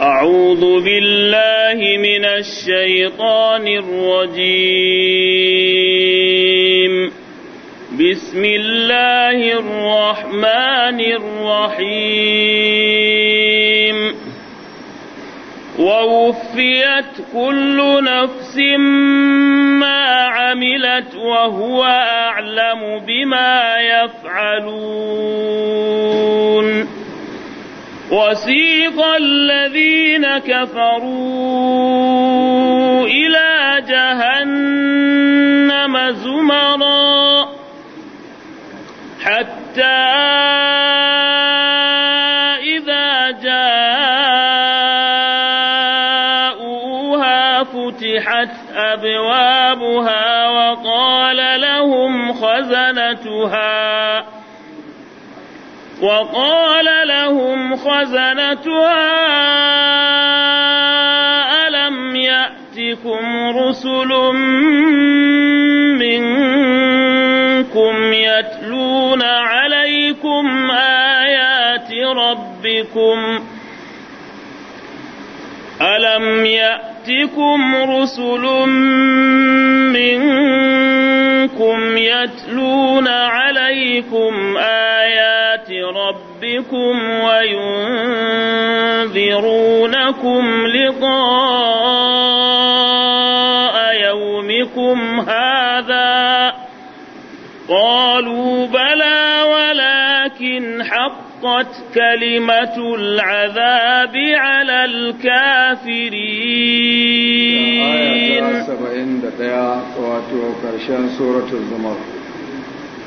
أعوذ بالله من الشيطان الرجيم بسم الله الرحمن الرحيم ووفيت كل نفس ما عملت وهو أعلم بما يفعلون وسيق الذين كفروا إلى جهنم زمرا حتى إذا جاءوها فتحت أبوابها وقال لهم خزنتها وقال لهم خزنتها ألم يأتكم رسل منكم يتلون عليكم آيات ربكم ۖ ألم يأتكم رسل منكم يتلون عليكم آيات ربكم وينذرونكم لقاء يومكم هذا قالوا بلى ولكن حق حقت كلمة العذاب على الكافرين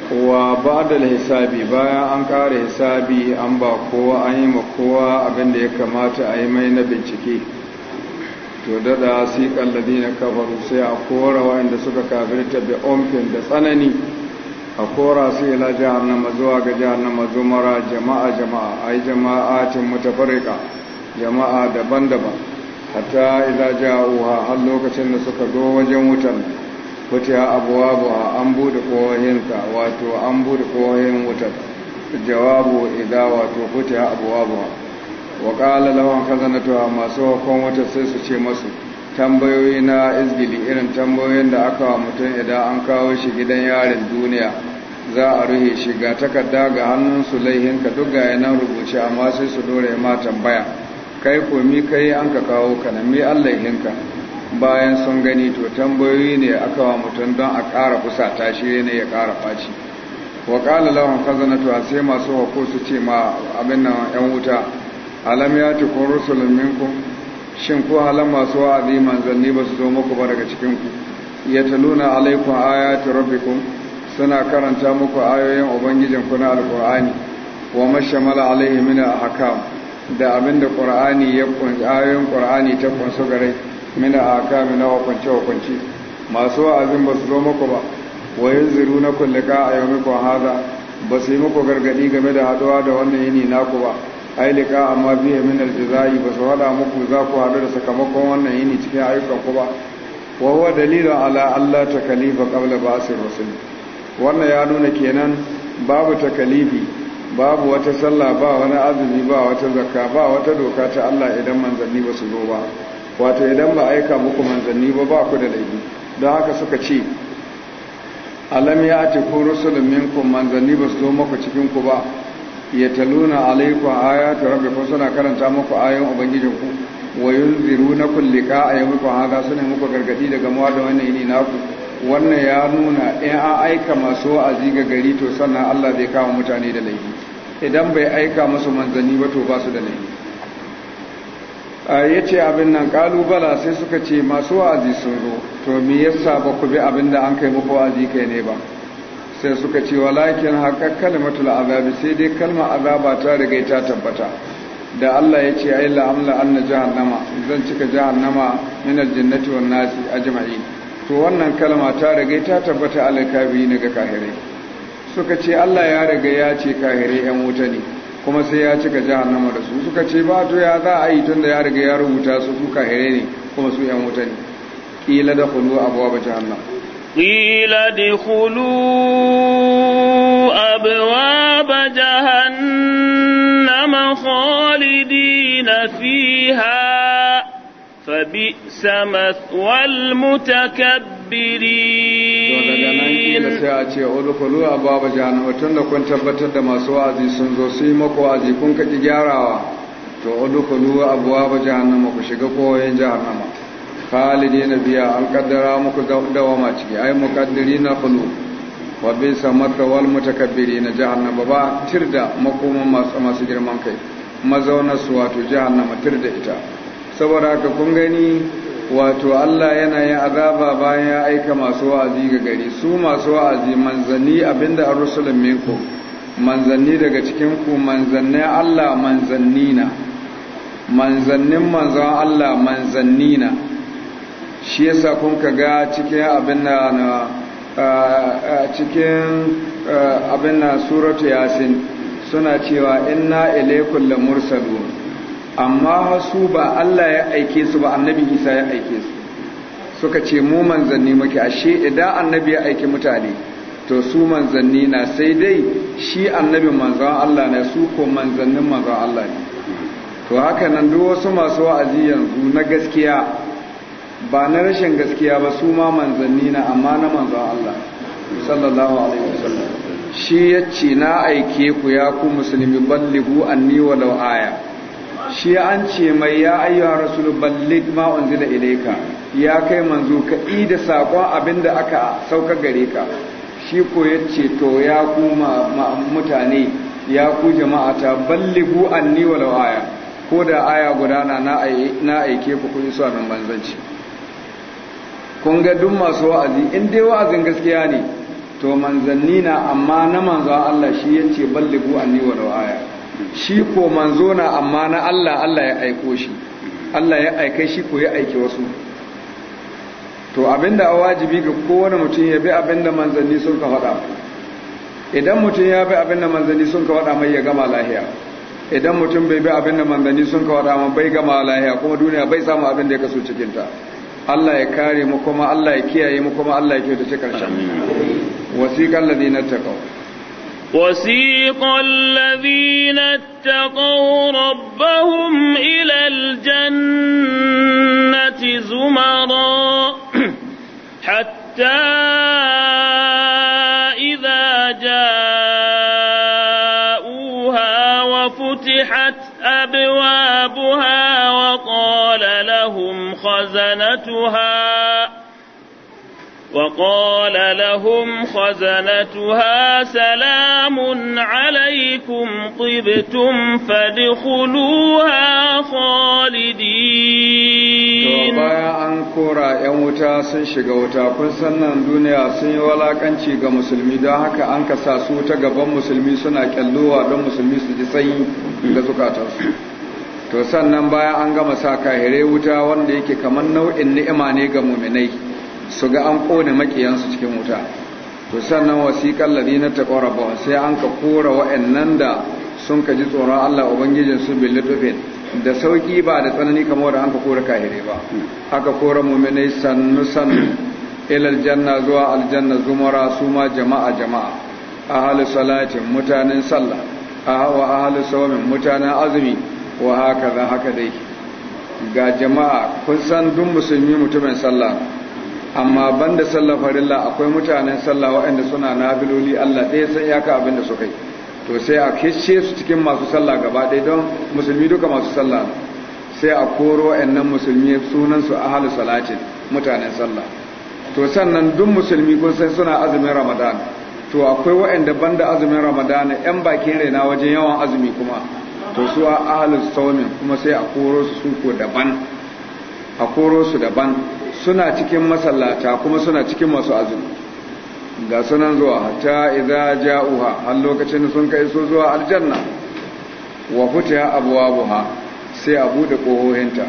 wa ba da hisabi bayan an ƙara hisabi an ba kowa an yi ma kowa abin da ya kamata a yi mai na bincike to dada siƙan ladina kafaru sai a kora waɗanda suka kafirta bi omfin da tsanani a kora su ila jahannama zuwa ga jahannama zumara jama'a jama'a jama'a cin mutafarika jama'a daban-daban hatta ila ja'uha har lokacin da suka zo wajen wutan fitiya abuwa an buɗe kohinta wato an buɗe kohin wutan jawabu idan wato fitiya abuwa wa qala lawan khazanatuha masu hukun wata sai su ce masu tambayoyi na izgili irin tambayoyin da aka wa mutum idan an kawo shi gidan yarin duniya za a ruhe shi ga takarda ga hannunsu laihinka duk ga yanar rubuce amma sai su dore ma tambaya kai komi kai an ka kawo ka na laihin ka. bayan sun gani to tambayoyi ne a wa mutum don a ƙara ta shi ne ya ƙara faci wa ƙala lawan khazanatu sai masu hako su ce ma abin nan yan wuta alam ya tukun rusulun minku. shin ko halar masu wa'azi manzanni ba su zo muku ba daga ya ku yataluna alaikum ayati rabbikun suna karanta muku ayoyin ubangijin kuna alkur'ani wa mashamala alaihi min ahkam da abinda qur'ani ya kunshi ayoyin qur'ani ta kunsu gare min ahkam na hukunce hukunci masu wa'azin ba su zo muku ba wa yanziru na kullaka a yawmikum hada ba su yi muku gargadi game da haduwa da wannan yini naku ba ailika amma biya min aljazai ba su hada muku za ku hadu da sakamakon wannan yini cikin ayyukan ku ba wa huwa dalilun ala Allah takalifa qabla ba'sir rusul wannan ya nuna kenan babu takalifi babu wata sallah ba wani azumi ba wata zakka ba wata doka ta Allah idan manzanni ba su zo ba wato idan ba aika muku manzanni ba ba ku da laifi don haka suka ce alam ya ati ku rusulun minkum manzanni ba su zo muku cikin ku ba ya taluna alaikum ayatu rabbikum suna karanta muku ayoyin ubangijin wa a liqa'a yawmikum hada suna muku gargadi daga mawa da wannan yini naku wannan ya nuna in an aika masu wa'azi ga gari to sannan Allah zai kawo mutane da laifi idan bai aika musu manzanni ba to basu da laifi ya ce abin nan kalubala sai suka ce masu wa'azi sun zo to me yasa ba ku bi abin da an kai muku wa'azi kai ne ba sai suka ce walakin haka kalmatul azabi sai dai kalma azaba ta riga ta tabbata da Allah ya ce ayi la'amla anna jahannama zan cika jahannama min aljannati wan nasi ajma'in to wannan kalma ta rage ta tabbata alkafiri ne ga kahire suka ce Allah ya rage ya ce kahire yan wuta ne kuma sai ya cika jahannama da su suka ce ba to ya za a yi tunda ya rage ya rubuta su su kahire ne kuma su yan wuta ne ba jahannama. abwaab jahannam qila dakhulu ba jahannam khalidina fiha فبئس مثوى المتكبرين to daga nan kila sai a ce ulukulu a babu jahannama tun da kun tabbatar da masu wa'azi sun zo su yi maku wa'azi kun kaki gyarawa to ulukulu a babu jahannama ku shiga koyon jahannama khalidi na biya an kaddara muku ma ciki ai muqaddiri na khulu wa bi samata wal mutakabbirin jahannama ba tirda makoman masu masu girman kai mazaunar su wato jahannama tirda ita saboda ka kun gani wato Allah yana yin azaba bayan ya aika masu wa'azi ga gari su masu wa'azi manzanni abinda an rusulun minku manzanni daga cikin ku manzannin Allah manzanni na manzannin manzan Allah manzanni na shi yasa kun ka ga cikin abin da na cikin abin da suratu yasin suna cewa inna ilaikum lamursalun amma su ba Allah ya aike su ba annabi Isa ya aike su suka ce mu manzanni muke ashe idan annabi ya aike mutane to su manzanni na sai dai shi annabin manzon Allah ne su ko manzannin manzon Allah ne to haka nan duk wasu masu wa'azi yanzu na gaskiya ba na rashin gaskiya ba su ma manzanni na amma na manzon Allah sallallahu alaihi wasallam shi yace na aike ku ya ku musulmi ballihu anni walau aya shi an ce mai ya ayyuhar rasul ballig ma unzila ilayka ya kai manzo ka da sakon da aka sauka gare ka shi ko yace to ya ku mutane ya ku jama'a ta balligu anni walau aya ko da aya guda na aike ku kun so nan manzanci kun ga duk masu wa'azi in dai wa'azin gaskiya ne to manzanni na amma na manzo Allah shi yace balligu anni walau aya shi ko manzo na amma na Allah Allah ya aiko shi Allah ya aika shi ko ya aiki wasu to abinda a wajibi ga kowane mutum ya bi abinda manzanni sun ka faɗa idan mutum ya bi abinda manzanni sun ka faɗa mai ya gama lahiya idan mutum bai bi abinda manzanni sun ka faɗa mai bai gama lahiya kuma duniya bai samu abin da ya kaso cikin ta Allah ya kare mu kuma Allah ya kiyaye mu kuma Allah ya ta kyautace karshen wasiqal ladina taqaw وسيق الذين اتقوا ربهم إلى الجنة زمرا حتى إذا جاءوها وفتحت أبوابها وقال لهم خزنتها وقال لهم خزنتها سلام عليكم طبتم فادخلوها خالدين to baya an kora yan wuta sun shiga wuta kun san nan duniya sun yi walakanci ga musulmi don haka an kasa su ta gaban musulmi suna kyallowa don musulmi su ji sanyi ga zukatansu to sannan baya an gama sa kahire wuta wanda yake kamar nau'in ni'ima ne ga muminai su ga an ƙone maƙiyansu cikin wuta to sannan wasiƙar ladina ta ƙoraba sai an ka kora wa'annan da sun ka ji tsoron Allah Ubangijin su bil litufin da sauƙi ba da tsanani kamar da an ka kora kahire ba aka kora muminai sannu sannu ilal janna zuwa aljanna zumara su ma jama'a jama'a halin salatin mutanen sallah ah, a halin saumin mutanen azumi wa haka za haka dai ga jama'a kun san duk musulmi mutumin sallah amma banda sallar farilla akwai mutanen sallah waɗanda suna nafiloli Allah ɗaya san iyaka abin da suka yi to sai a kishe su cikin masu sallah gaba ɗaya don musulmi duka masu sallah sai a koro waɗannan musulmi sunan su ahalu salatin mutanen sallah to sannan duk musulmi kun san suna azumin ramadan to akwai waɗanda banda azumin ramadan yan bakin raina wajen yawan azumi kuma to su ahalu saumin kuma sai a koro su ko daban a koro su daban suna cikin masallata kuma suna cikin masu azumi ga sunan zuwa hatta idza ja'uha har lokacin sun kai su zuwa aljanna wa futiha abwabuha sai a da kohohinta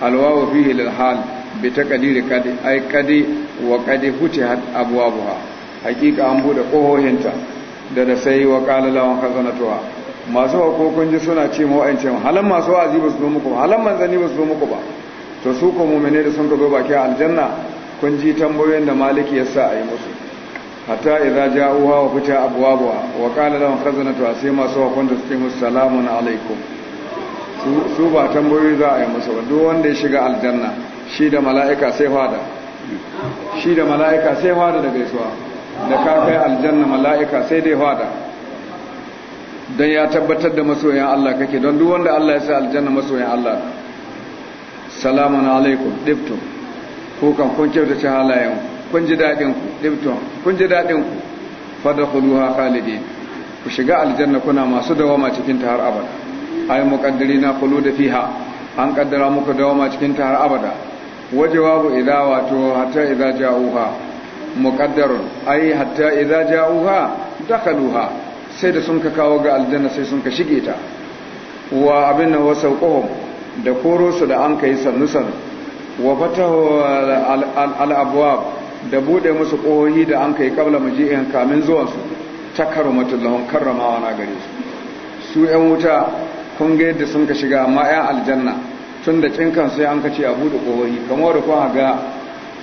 alwawu fihi lilhal hal bi taqdiri kad ay kadi wa kadi futiha abwabuha hakika an bude kohohinta da da sai wa qala lawan khazanatuha masu hukunci suna ce mu wa'ancin halan masu wa'azi ba su zo muku halan manzani ba su zo muku ba to su ko mu'mine da sun ka zo baki aljanna kun ji tambayoyin da maliki ya sa a yi musu hatta idza ja'uha wa fita abwabuha wa qala lahum khazanatu asima saw kuntu musu salamu alaikum su ba tambayoyi za a yi musu ba duk wanda ya shiga aljanna shi da mala'ika sai fada shi da mala'ika sai fada da gaisuwa da ka kai aljanna mala'ika sai dai fada don ya tabbatar da masoyan Allah kake don duk wanda Allah ya sa aljanna masoyan Allah salamun alaikum diptum ko kan kun ci halayen kun ji daɗin ku diptum kun ji daɗin ku fadkhuluha khalidin ku shiga aljanna kuna masu dawama cikin ta har abada na kulu da fiha an ƙaddara muku dawama cikin ta har abada wajawabu idza wato hatta idha ja'uha muqaddarun Ayi, hatta idha ja'uha dakhaluha sai da sun ka kawo ga aljanna sai sun ka shige ta wa abinna wasauquhum da koro su da an kai sannu san wa fatahu al da bude musu kohohi da an kai kabla maji'in kamin zuwan su takarramatul lahum karramawa na gare su su yan wuta kun ga yadda sun ka shiga amma yan aljanna tun da cinkan sai an kace a bude kohohi kamar da kuma ga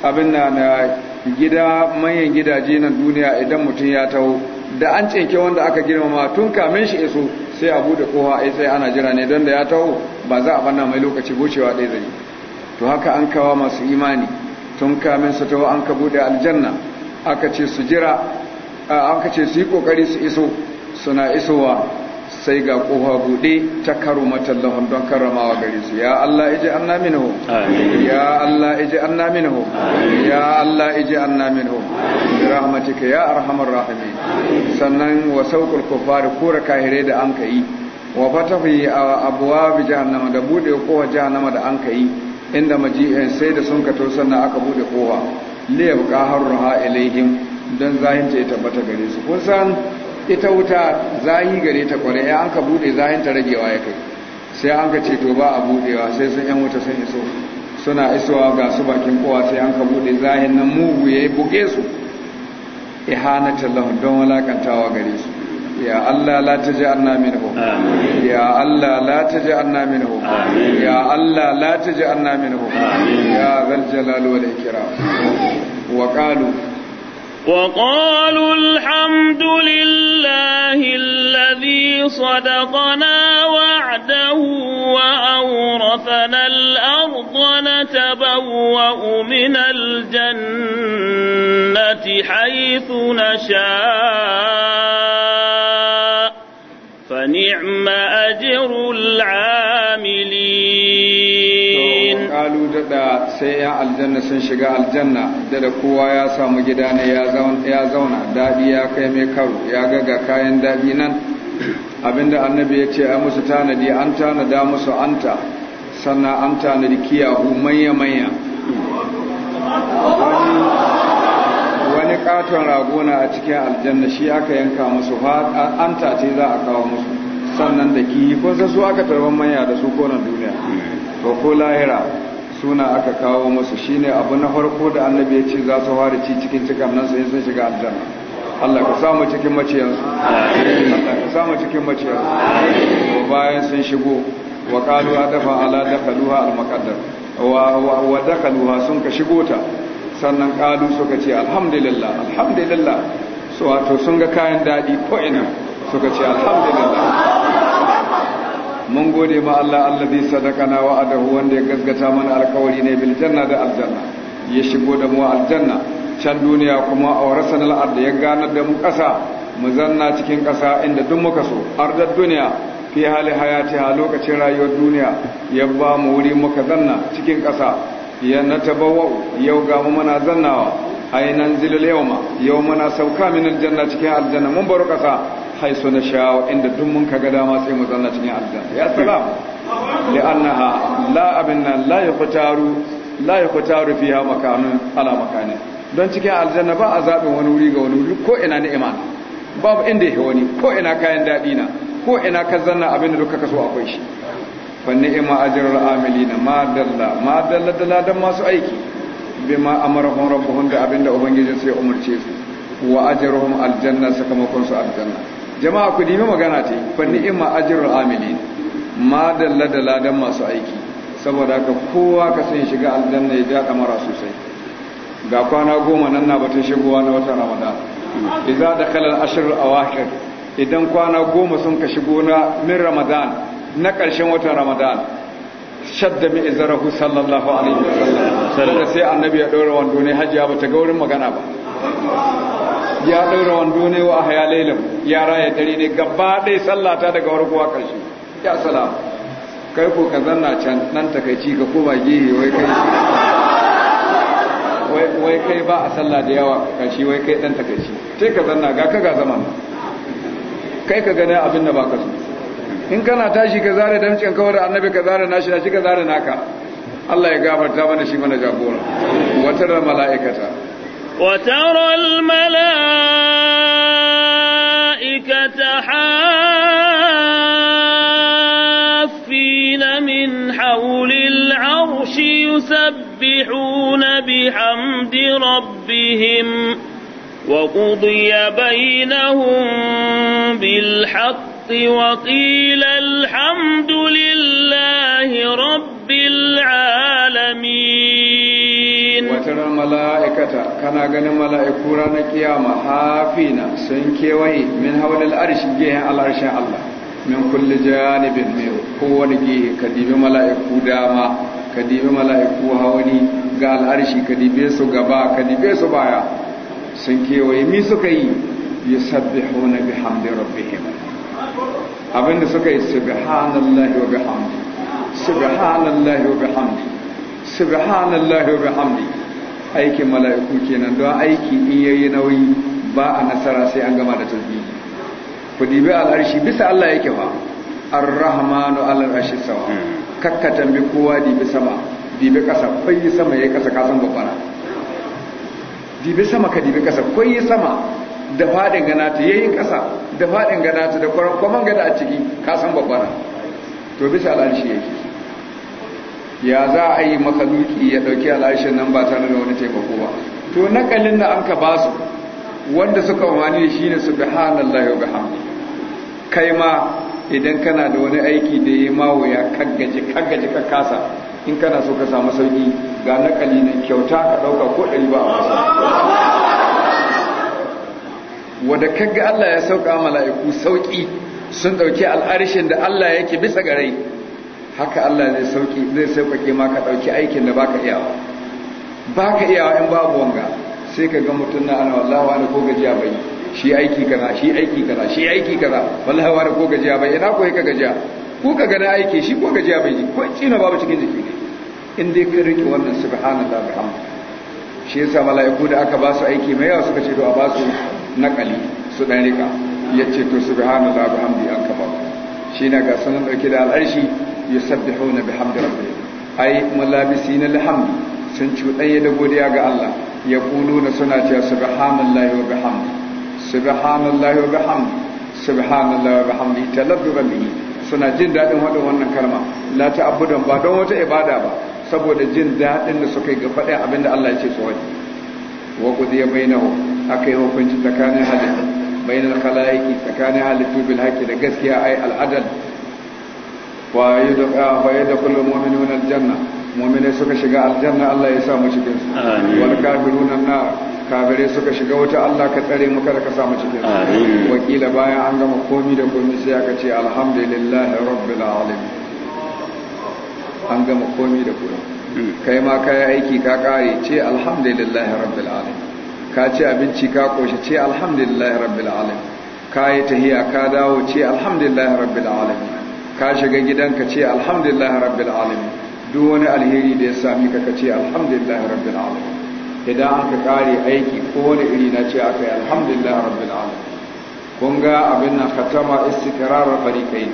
abin na gida manyan gidaje na duniya idan mutum ya taho da an cinke wanda aka girmama tun kamin shi iso sai a bude kowa ai sai ana jira ne don da ya taho ba za a banna mai lokaci gocewa ɗaya zai to haka an kawa masu imani tun kamin su taho an ka bude aljanna aka ce su jira an ka ce su yi kokari su iso suna isowa sai ga kofa bude ta karo matallahun don karramawa gare su ya Allah iji anna minhu ya Allah iji anna minhu ya Allah iji anna minhu rahmatika ya arhamar rahimi sannan wa saukul kufar kura kahire da an kai wa fatahi bi jahannama da bude kowa jahannama da an kai inda maji'in sai da sun kato sannan aka bude kowa liyab qaharruha ilaihim dan zahinta ita tabbata gare su kun san ita wuta zahi gare ta kware ya an ka bude zahinta ragewa ya kai sai an ka ce to ba a budewa sai sun yan wuta sun iso suna isowa ga su bakin kowa sai an ka bude zahin nan mugu ya buge su ihanatar lahun don walakantawa gare su ya Allah lataje anna minhu ya Allah lataje anna minhu ya Allah lataje anna minhu ya zal jalal wal ikram wa qalu wa qalu alhamdulillahi alladhi sadaqana وعده وأورثنا الأرض نتبوأ من الجنة حيث نشاء فنعم أجر العاملين قالوا ددا سيئا الجنة سنشقا الجنة ددا كوا يا سامجدان يا زون يا زونا دادي يا كيمي كرو يا غاقا كاين دادي نان abinda annabi ya ce ai musu tanadi an tanada musu anta sannan an tanadi kiyahu manya-manya wani katon ragona a cikin aljanna shi aka yanka musu anta ce za a kawo musu sannan da kiyi kun su aka tarban manya da su konan duniya to ko lahira suna aka kawo musu shine abu na farko da annabi ya ce za su fara ci cikin cikan nan sai sun shiga aljanna Allah ka samu cikin maciyansu ka samu cikin maciyansu ko bayan sun shigo wa qalu dafa ala dakhaluha al-muqaddar wa wa dakhaluha sun ka shigo ta sannan kalu suka ce alhamdulillah alhamdulillah su wato sun ga kayan daɗi ko'ina suka ce alhamdulillah mun gode ma Allah Allah zai sadaka na wa'adahu wanda ya gaskata mana alkawari ne biljanna da aljanna ya shigo da mu aljanna can duniya kuma a warasan al'adda ya ganar da mu ƙasa mu zanna cikin ƙasa inda duk muka so ardar duniya fi hali a lokacin rayuwar duniya ya ba mu wuri muka zanna cikin ƙasa ya na tabawa yau ga mu mana zannawa a nan zilil ma yau mana sauka min aljanna cikin aljanna mun baro ƙasa so na sha'awa inda duk mun kaga dama sai mu zanna cikin aljanna ya salam li'annaha la abinna la yaqtaru la yaqtaru fiha makanun ala makanin don cikin aljanna ba a zaɓin wani wuri ga wani wuri ko ina ni'ima babu inda yake wani ko ina kayan daɗi na ko ina ka zanna abin da duka kaso akwai shi fa ni'ima ajrul amilina ma dalla ma dalla dalla dan masu aiki bima amarahum rabbuhum da abin da ubangiji sai umurce su wa ajruhum aljanna sakamakon su aljanna jama'a ku dimi magana ce fa ni'ima ajrul amilina ma dalla dalla dan masu aiki saboda ka kowa ka san shiga aljanna ya ja mara sosai ga kwana goma nan na batun shigowa na wata ramadan idza da kalar ashr al idan kwana goma sun ka shigo na min ramadan na ƙarshen wata ramadan shadda mi izarahu sallallahu alaihi wasallam sai annabi ya daura wando ne hajiya bata ga wurin magana ba ya daura wando ne wa ahya lailam yara ya dare ne gaba ɗaya sallata daga warkuwa ƙarshe ya salam kai ko ka zanna can nan takaici ka koma gehe wai kai wai kai ba a sallah da yawa kashi wai kai dan takaici sai ka zanna ga ka ga zaman kai ka gane abin da baka so in kana tashi ka zare damcin kawai da annabi ka zare nashi na shi ka zare naka Allah ya gafarta mana shi mana jagora watar mala'ikata watar mala'ikata حافين من حول العرش يسبحون يسبحون بحمد ربهم وقضي بينهم بالحق وقيل الحمد لله رب العالمين وترى ملائكة كان غني ملائكة رانا قيامة حافينا سنكيوي من حول الأرش جيه الأرش الله من كل جانب من قوة جيه كديم ملائكة داما ka dibi mala'iku hawani ga al'arshi ka dibe su gaba ka dibe su baya sun kewaye mi suka yi yusabbihuna bihamdi rabbihim abinda suka yi subhanallahi wa bihamdi subhanallahi wa bihamdi subhanallahi wa bihamdi aikin mala'iku kenan don aiki in yayi nauyi ba a nasara sai an gama da tasbihi ku dibi al'arshi bisa Allah yake ba ar-rahmanu al-arshi sawa hmm. kakka tambi kowa dibi sama dibi kasa kwai sama ya yi kasa kasan babbara dibi sama ka dibi kasa kwai sama da fadin gana ta yayi kasa da fadin gana ta da kwaman gada a ciki kasan babbara to bisa al'arshi yake ya za a yi makaluki ya dauki al'arshin nan ba tare da wani taimako ba to nakalin da an ka ba su wanda suka wani shi ne subhanallahi wa bihamdi kai ma idan kana da wani aiki da ya mawo ya kaggaje kaggaje ka kasa in kana so ka samu sauki ga nakali na kyauta ka dauka ko ɗari ba a wasa wadda kagga Allah ya sauka mala'iku sauki sun dauki al'arishin da Allah yake bisa garai haka Allah zai sauki zai sauƙaƙe ma ka dauki aikin da baka iyawa baka iyawa in babu wanga sai ka ga mutum na ana wallahi wani ko gajiya bai shi aiki kaza shi aiki kaza shi aiki kaza wallahi wani ko gajiya bai ina ko ka gajiya ko ka gani aiki shi ko gajiya bai ji ko tsina babu cikin jiki ne in dai ka rike wannan subhanallahi bihamdi shi yasa mala'iku da aka ba su aiki mai yawa suka ce to a ba su nakali su dan rika yace to subhanallahi bihamdi an kaba shi na ga sanan dauke da al'arshi yusabbihuna bihamdi rabbihim ai malabisin alhamdi sun cuɗanya da godiya ga Allah ya kuluna suna cewa subhanallahi wa bihamdi subhanallahi wa bihamdi subhanallahi wa bihamdi talabban bihi suna jin dadin wadin wannan kalma la ta'budan ba don wata ibada ba saboda jin dadin da suka yi ga faɗin abinda Allah ya ce su wani wa qudiya bainahum akai hukunci tsakanin halittu bainal khalaiqi tsakanin halittu bil haqqi da gaskiya ai al'adal wa yadqa wa yadkhulu mu'minuna janna mu'mine suka shiga aljanna Allah ya sa mu cikin su wal kafiruna nar kafire suka shiga wuta Allah ka tsare mu kada ka samu cikin wakila bayan an gama komi da komi sai aka ce alhamdulillah rabbil alamin an gama komi da komi hmm. kai ma kai aiki ka kare ce alhamdulillah rabbil alamin ka ci abinci ka koshi ce alhamdulillah rabbil alamin ka yi tahiya ka dawo ce alhamdulillah rabbil alamin ka shiga gidanka ce alhamdulillah rabbil alamin duk wani alheri da ya sami ka ka ce alhamdulillah rabbil alamin idan aka kare aiki ko wani iri na ce aka yi alhamdulillah rabbil alamin kun ga abin nan katama istiqrar fariqain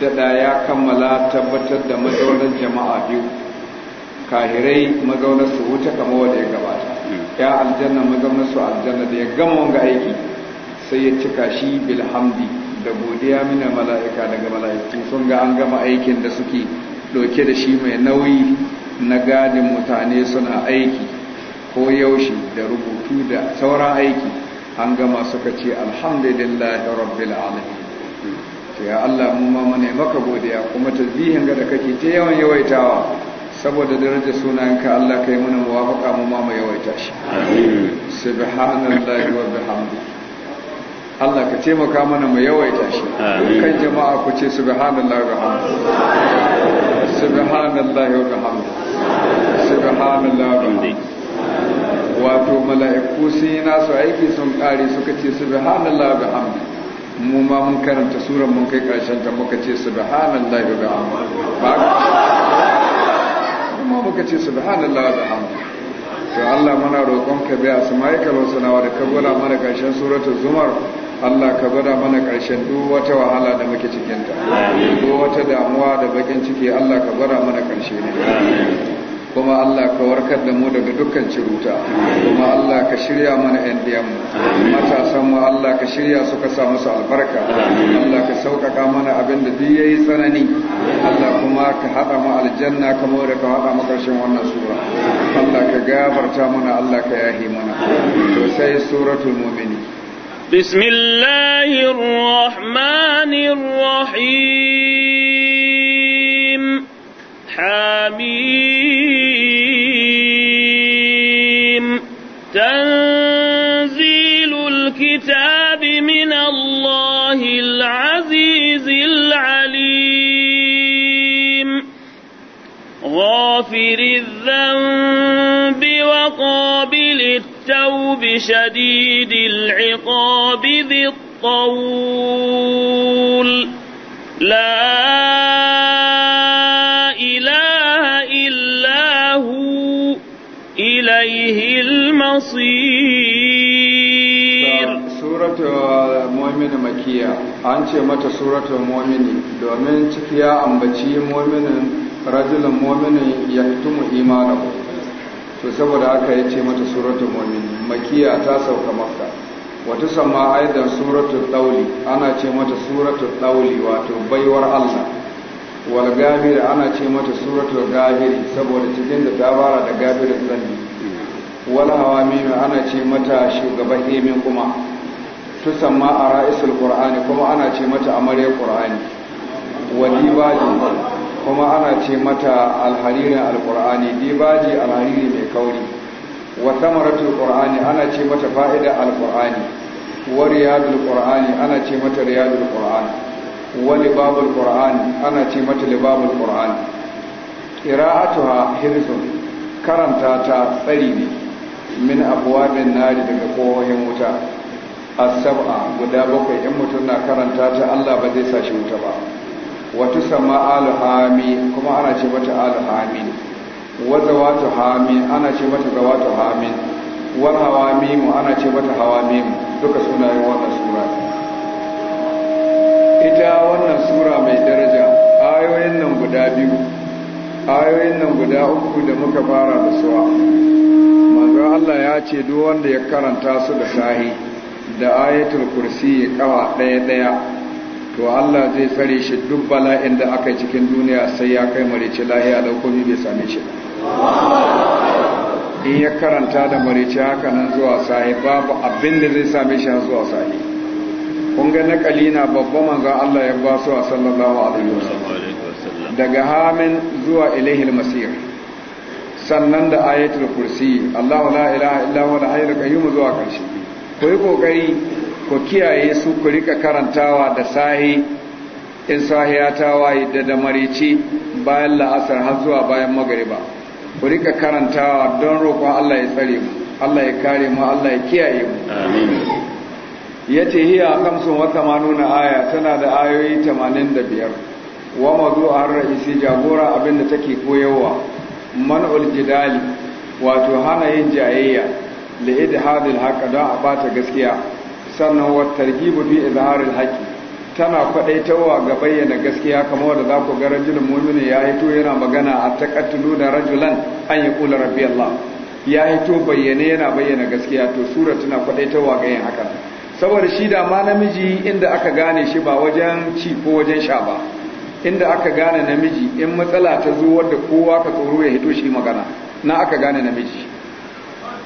dada ya kammala tabbatar da mazaunan jama'a biyu kahirai mazaunar su wuce kamar wanda ya gabata ya aljanna mazaunar su aljanna da ya gama wanga aiki sai ya cika shi bilhamdi da godiya mina mala'ika daga mala'iku sun ga an gama aikin da suke ɗauke da shi mai nauyi na gadin mutane suna aiki ko yaushe da rubutu da sauran aiki an gama suka ce alhamdulillahi rabbil alamin to ya Allah mu ma mune maka godiya kuma zihin ga da kake ta yawan yawaitawa saboda daraja sunanka Allah kai mana muwafaka mu ma mu yawaita shi amin subhanallahi wa bihamdi Allah ka taimaka mana mu yawaita shi kan jama'a ku ce subhanallahi wa bihamdi subhanallahi wa bihamdi subhanallahi wa bihamdi wato mala'iku sun yi nasu aiki sun kare suka ce subhanallah bi hamdi mu ma mun karanta surar mun kai karshen ta muka ce subhanallah bi hamdi mu muka ce subhanallah bi hamdi to Allah muna roƙon ka bi asma'ika wa da ka gwada mana karshen suratul zumar Allah ka gwada mana ƙarshen duk wata wahala da muke cikinta, duk wata damuwa da bakin ciki Allah ka gwada mana ƙarshe ne. kuma Allah ka warkar da mu daga dukkan ciruta kuma Allah ka shirya mana ƴan diyanmu matasan mu Allah ka shirya su ka sa musu albarka Allah ka sauƙaƙa mana abin da duk yayi tsanani Allah kuma ka haɗa mu aljanna kamar da ka haɗa mu ƙarshen wannan sura Allah ka gafarta mana Allah ka yahi mana to sai suratul mumini bismillahir rahmanir rahim غير الذنب وقابل التوب شديد العقاب ذي الطول لا إله إلا هو إليه المصير سورة مؤمن مكية أنت متى سورة مؤمن دومين تكيا أمبتي مؤمن rajulun mu'minin yahtumu imanin to saboda haka yace mata suratul mumini makiya ta sauka makka wata sama aidan suratul dauli ana ce mata suratul dauli wato baiwar Allah wal ana ce mata suratul gafir saboda cikin da ta da gafir zanni wal hawamin ana ce mata shugaban hemin kuma sama a ra'isul qur'ani kuma ana ce mata amaryar qur'ani wadibaji kuma ana ce mata alharirin alkur'ani dibaji alhariri mai kauri wa tamaratul qur'ani ana ce mata fa'ida alkur'ani wa riyadul ana ce mata riyadul wa libabul ana ce mata libabul qur'ani qira'atuha hirzun karanta ta tsari ne min abwabin nari daga kohohin wuta a saba guda bakwai in mutum na karanta ta Allah ba zai sa shi wuta ba wata sama alhami kuma ana ce mata alhami wata wata hami ana ce mata ga wata hami wal hawamimu ana ce mata hawamimu duka suna yi wannan sura ita wannan sura mai daraja ayoyin nan guda biyu ayoyin nan guda uku da muka fara da suwa manzon Allah ya ce duk wanda ya karanta su da sahi da ayatul kursi ya kawa ɗaya ɗaya to Allah zai tsare shi duk bala'in da aka cikin duniya sai ya kai marici lahiya da komi bai same shi in ya karanta da marici haka nan zuwa sahi babu abin da zai same shi zuwa sahi kun ga nakali na babba manzo Allah ya ba su a sallallahu alaihi wasallam daga hamin zuwa ilaihil masir sannan da ayatul kursi Allahu la ilaha illa huwa al hayyul qayyum zuwa karshe ku yi kokari ku kiyaye su ku rika karantawa da sahi in ya ta waye da da marici bayan la'asar har zuwa bayan magariba ku rika karantawa don roƙon Allah ya tsare mu Allah ya kare mu Allah ya kiyaye mu amin yace hiya kamsun wa tamanuna aya tana da ayoyi 85 wa mawdu'ar ra'isi jagora da take koyarwa man'ul jidali wato hana yin jayayya li idhadil haqqa da a bata gaskiya sannan wa tarjibu bi izharil haqi tana kwadaitawa ga bayyana gaskiya kamar wanda za ku ga rajulun mu'mini ya hito yana magana a taqattulu da rajulan an yaqula rabbi Allah ya hito bayyane yana bayyana gaskiya to sura tana kwadaitawa ga yin haka saboda shi da ma namiji inda aka gane shi ba wajen ci ko wajen sha ba inda aka gane namiji in matsala ta zo wadda kowa ka tsoro ya hito shi magana na aka gane namiji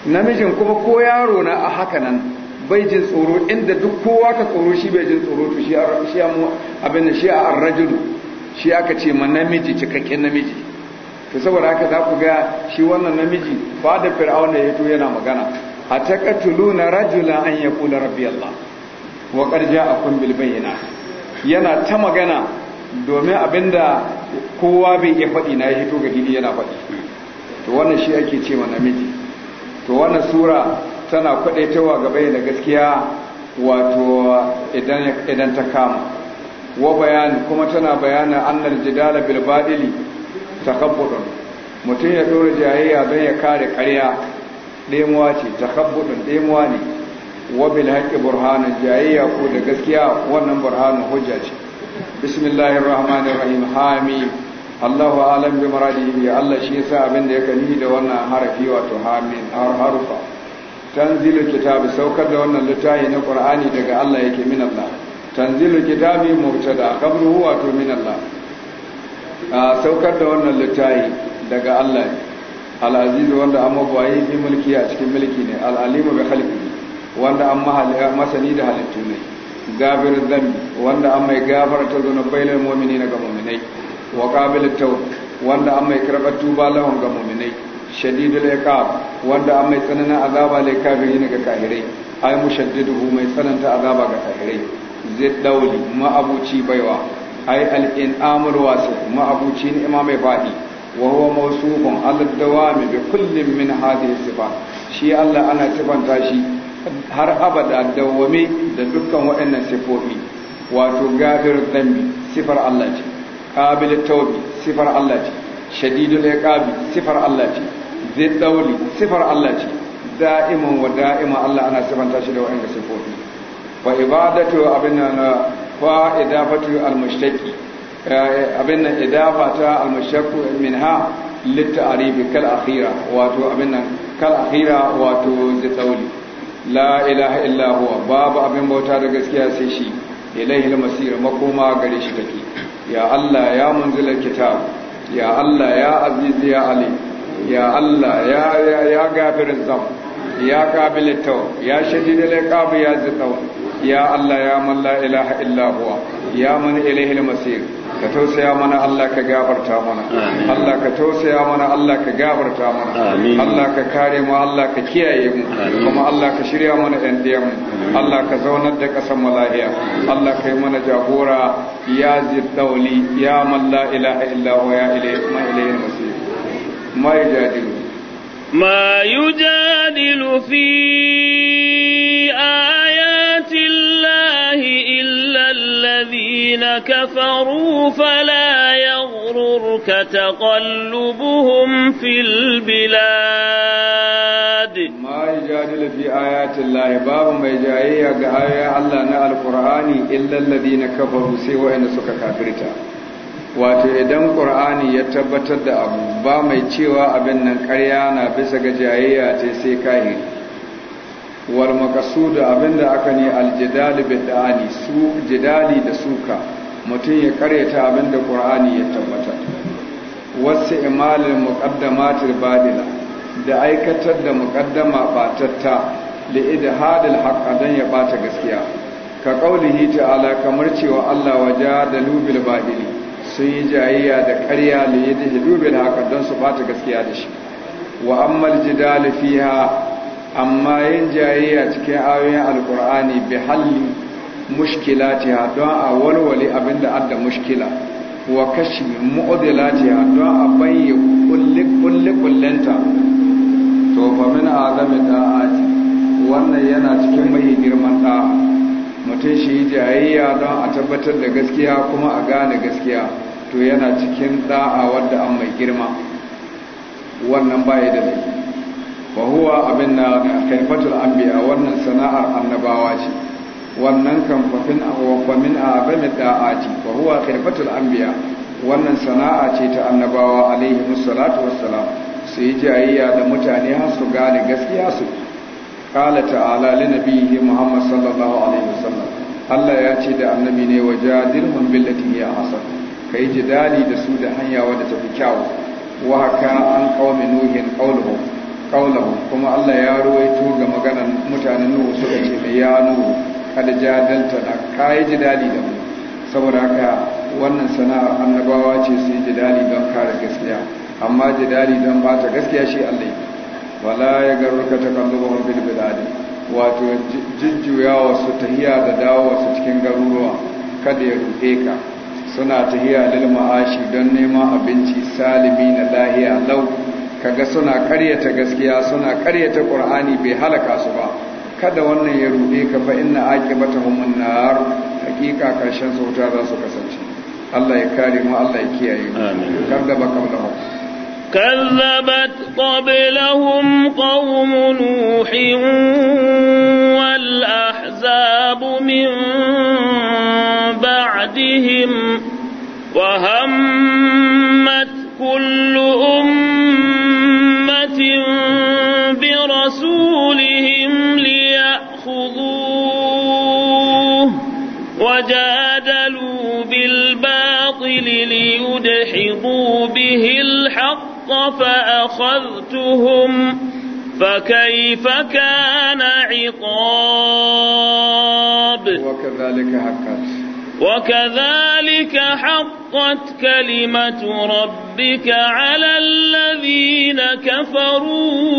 namijin kuma ko yaro na a haka nan bai jin tsoro inda duk kowa ka tsoro shi bai jin tsoro to shi shi mu abin da shi a arrajulu shi aka ce ma namiji cikakken namiji to saboda haka za ku ga shi wannan namiji ba da fir'auna ya to yana magana a taqatuluna rajula an yaqula rabbi allah wa qad ja'akum bil bayyina yana ta magana domin abinda kowa bai iya faɗi na ya hito ga hili yana faɗi to wannan shi ake ce ma namiji to wannan sura tana kwadaitowa gaba da gaskiya wato idan ta kama wa bayani kuma tana bayana annal jidala bil badili takabbudun mutum ya dora jayayya don ya kare karya ɗemuwa ce takabbudun ɗemuwa ne wa bil haqqi burhanun jayayya ko da gaskiya wannan burhanun hujja ce bismillahir rahmanir rahim hamim Allahu alam bi maradihi Allah shi yasa abin da ya kani da wannan harafi wato hamin harfa tanzilul kitabi saukar da wannan littafi na qur'ani daga Allah yake min Allah tanzilul kitabi mubtada qabruhu wa to min Allah saukar da wannan littafi daga Allah al-aziz wanda amma bai yi mulki a cikin mulki ne al-alimu bi khalqihi wanda an masani da halittu ne gafir dhanbi wanda amma an mai gafarta zunubai lil mu'minina ga mu'minai wa qabilut tawb wanda amma ya karbar tuba lahum ga mu'minai shadidul iqab wanda an mai tsananin azaba lai kafirin ga kahirai ai mushaddidu mai tsananta azaba ga kahirai zai dauli ma'abuci baiwa ai al-in'amul wasi ma'abuci ne mai fadi wa huwa mawsufun al-dawami bi kullin min hadhihi sifat shi Allah ana sifanta shi har abada dawame da dukkan waɗannan sifofi wato gafir dambi sifar Allah ce qabil tawbi sifar Allah ce shadidul iqabi sifar Allah ce zai dauli sifar Allah ce da'imun wa da'ima Allah ana sifanta shi da wa'anga sifofi fa ibadatu abinna na fa idafatu al-mushtaqi eh, abinna idafata al-mushtaqu minha للتعريف كالأخيرة واتو أبنا كالأخيرة واتو زتولي لا إله إلا هو باب أبن بوتا رقسكي سيشي إليه المسير مقوما قريشتك يا الله يا منزل الكتاب يا الله يا عزيز يا علي ya Allah ya ya ya gafir zam ya qabil taw ya shadid al iqab ya zataw ya Allah ya man la ilaha illa huwa ya man ilayhi al masir ka tausaya mana Allah ka gafarta mana Allah ka tausaya mana Allah ka gafarta mana Allah ka kare mu Allah ka kiyaye mu kuma Allah ka shirya mana ɗan mu Allah ka zaunar da ƙasar malahiya Allah ka yi mana jagora ya ziddauli ya man la ilaha illa huwa ya ilayhi masir ما يجادل ما يجادل في آيات الله إلا الذين كفروا فلا يغررك تقلبهم في البلاد ما يجادل في آيات الله باب ما في آية الله نا القرآن إلا الذين كفروا سوى أن سكا كافرتا wato idan ƙur'ani ya tabbatar da abu ba mai cewa abin nan ƙarya na bisa ga jayayya ce sai kayi wal abin da aka ne bai bid'ani su jidali da suka mutum ya karyata da ƙur'ani ya tabbatar wasu imalin muqaddamatil badila da aikatar da muqaddama batatta li idhadil haƙa don ya bata gaskiya ka qaulihi ta'ala kamar cewa Allah waje da lubil badili sun yi jayayya da karya, da yi dihilu dubin haka don su bata gaskiya da shi wa ammal jidal fiha amma yin jayayya cikin ayoyin alkur'ani bi halli mushkilatiha don a walwali abinda adda mushkila wa kashi ha don a bayye kulli kullenta to fa min azami da'ati wannan yana cikin mai girman da mutum shi jayayya don a tabbatar da gaskiya kuma a gane gaskiya to yana cikin da'a wadda an mai girma wannan baya da zai ba huwa abin na kaifatul biya wannan sana'ar annabawa ce wannan kamfafin fafin a abin da'a ce ba huwa kaifatul biya wannan sana'a ce ta annabawa alaihi musallatu wassalam su yi jayayya da mutane har su gane gaskiya su kala ta'ala li nabiyyi muhammad sallallahu alaihi wasallam Allah ya ce da annabi ne wajadilhum billati ya hasan ka yi jidali da su da hanya wadda ta fi kyau wa haka an kawme nuhin kaulahu kuma Allah ya ruwaito ga maganar mutanen nuhu suka ce da ya nuhu kada jadalta na ka yi jidali da mu saboda haka wannan sana'ar annabawa ce sai yi jidali don kare gaskiya amma jidali don ba ta gaskiya shi Allah wala ya garurka ta kallubawan bilbiladi wato jujjuyawa su tahiya da dawo su cikin garuruwa kada ya rufe ka suna tahiya lil ma'ashi don neman abinci salimi na lahiya lau kaga suna karyata gaskiya suna karyata qur'ani bai halaka su ba kada wannan ya rube ka fa inna aqibatahum an-nar hakika karshen su za su kasance Allah ya kare mu Allah ya kiyaye mu kada ba kamlahu كذبت قبلهم قوم نوح والأحزاب من ربهم وهمت كل أمة برسولهم ليأخذوه وجادلوا بالباطل ليدحضوا به الحق فأخذتهم فكيف كان عقاب وكذلك حقا وكذلك حقت كلمة ربك على الذين كفروا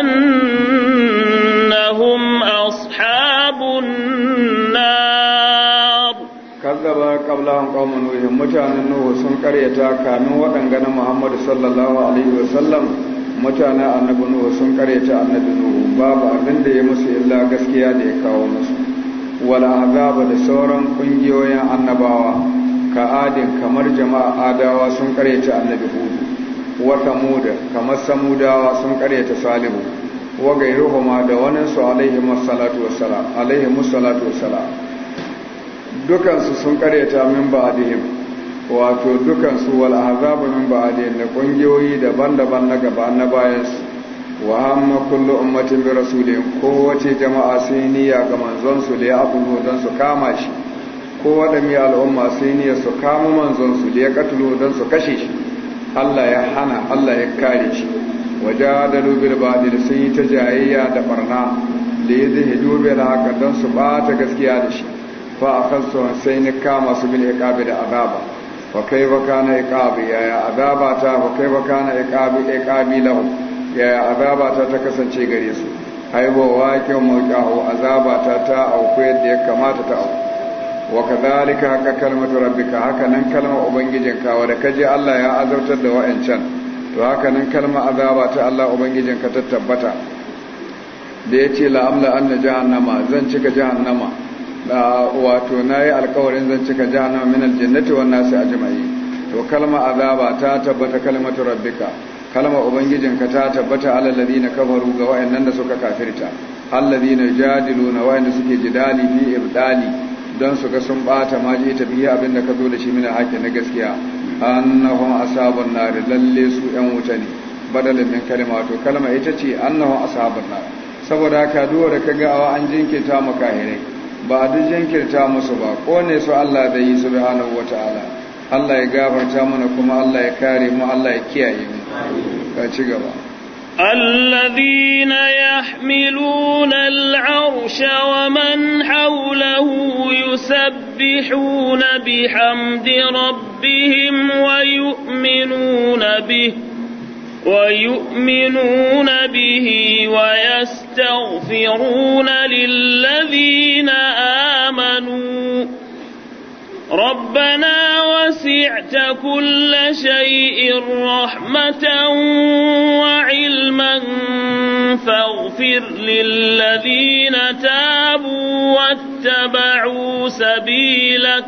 أنهم أصحاب النار كذب قبلهم قوم نوح متان نوح سن قريتا كانوا ودان محمد صلى الله عليه وسلم متانا annabi nuhu sun karyata annabi nuhu babu abin da ya musu illa gaskiya da ya kawo musu wala azaba da sauran kungiyoyin annabawa ka adin kamar jama'a adawa sun karyata annabi hudu wa samuda kamar samudawa sun karyata salihu wa gairuhuma da wani su alaihi musallatu wassalam alaihi musallatu wassalam dukansu sun karyata min ba'dihim wato dukansu wal azabu min ba'dihim da kungiyoyi daban-daban na gaba na bayansu wa hamma kullu ummatin bi rasulihim kowace jama'a sai niyya ga manzon su da ya abudu don su kama shi ko wadanne al'umma sai niyya su kama manzon su da ya katulu don su kashe shi Allah ya hana Allah ya kare shi wajadalu bil batil sun yi ta jayayya da barna da ya zai dube da haka don su ba ta gaskiya da shi fa akhadtu sai ni kama su bil iqabi da azaba wa kaifa kana iqabi Yaya azaba ta wa kaifa kana iqabi iqabi lahu ya azabata ta kasance gare su haibo kyau mawqahu azaba ta ta auku yadda ya kamata ta auku wa kadhalika haka kalmatu rabbika haka nan kalma ubangijinka wa da kaje Allah ya azabtar da wa'ancan to haka nan kalma azabata Allah ubangijinka ta tabbata da yace amla anna jahannama zan cika jahannama wato nayi alƙawarin zan cika jahannama min aljannati wan nasi ajma'in to kalma azaba ta tabbata kalmatu rabbika kalma ubangijinka ta tabbata alal ladina kafaru ga wayannan da suka kafirta na jadilu na wayanda suke jidali fi ibdali don su sun bata maji je ta biya abinda ka zo da shi mina haƙi na gaskiya annahum asabun nar lalle su yan wuta ne badalin min kalma to kalma ita ce annahum asabun nar saboda ka duwa da kaga awa an jinkirta mu kahirai ba a duk jinkirta musu ba kone su Allah da yi subhanahu wataala Allah ya gafarta mana kuma Allah ya kare mu Allah ya kiyaye mu الذين يحملون العرش ومن حوله يسبحون بحمد ربهم ويؤمنون به ويؤمنون به ويستغفرون للذين آمنوا ربنا وسعت كل شيء رحمة وعلما فاغفر للذين تابوا واتبعوا سبيلك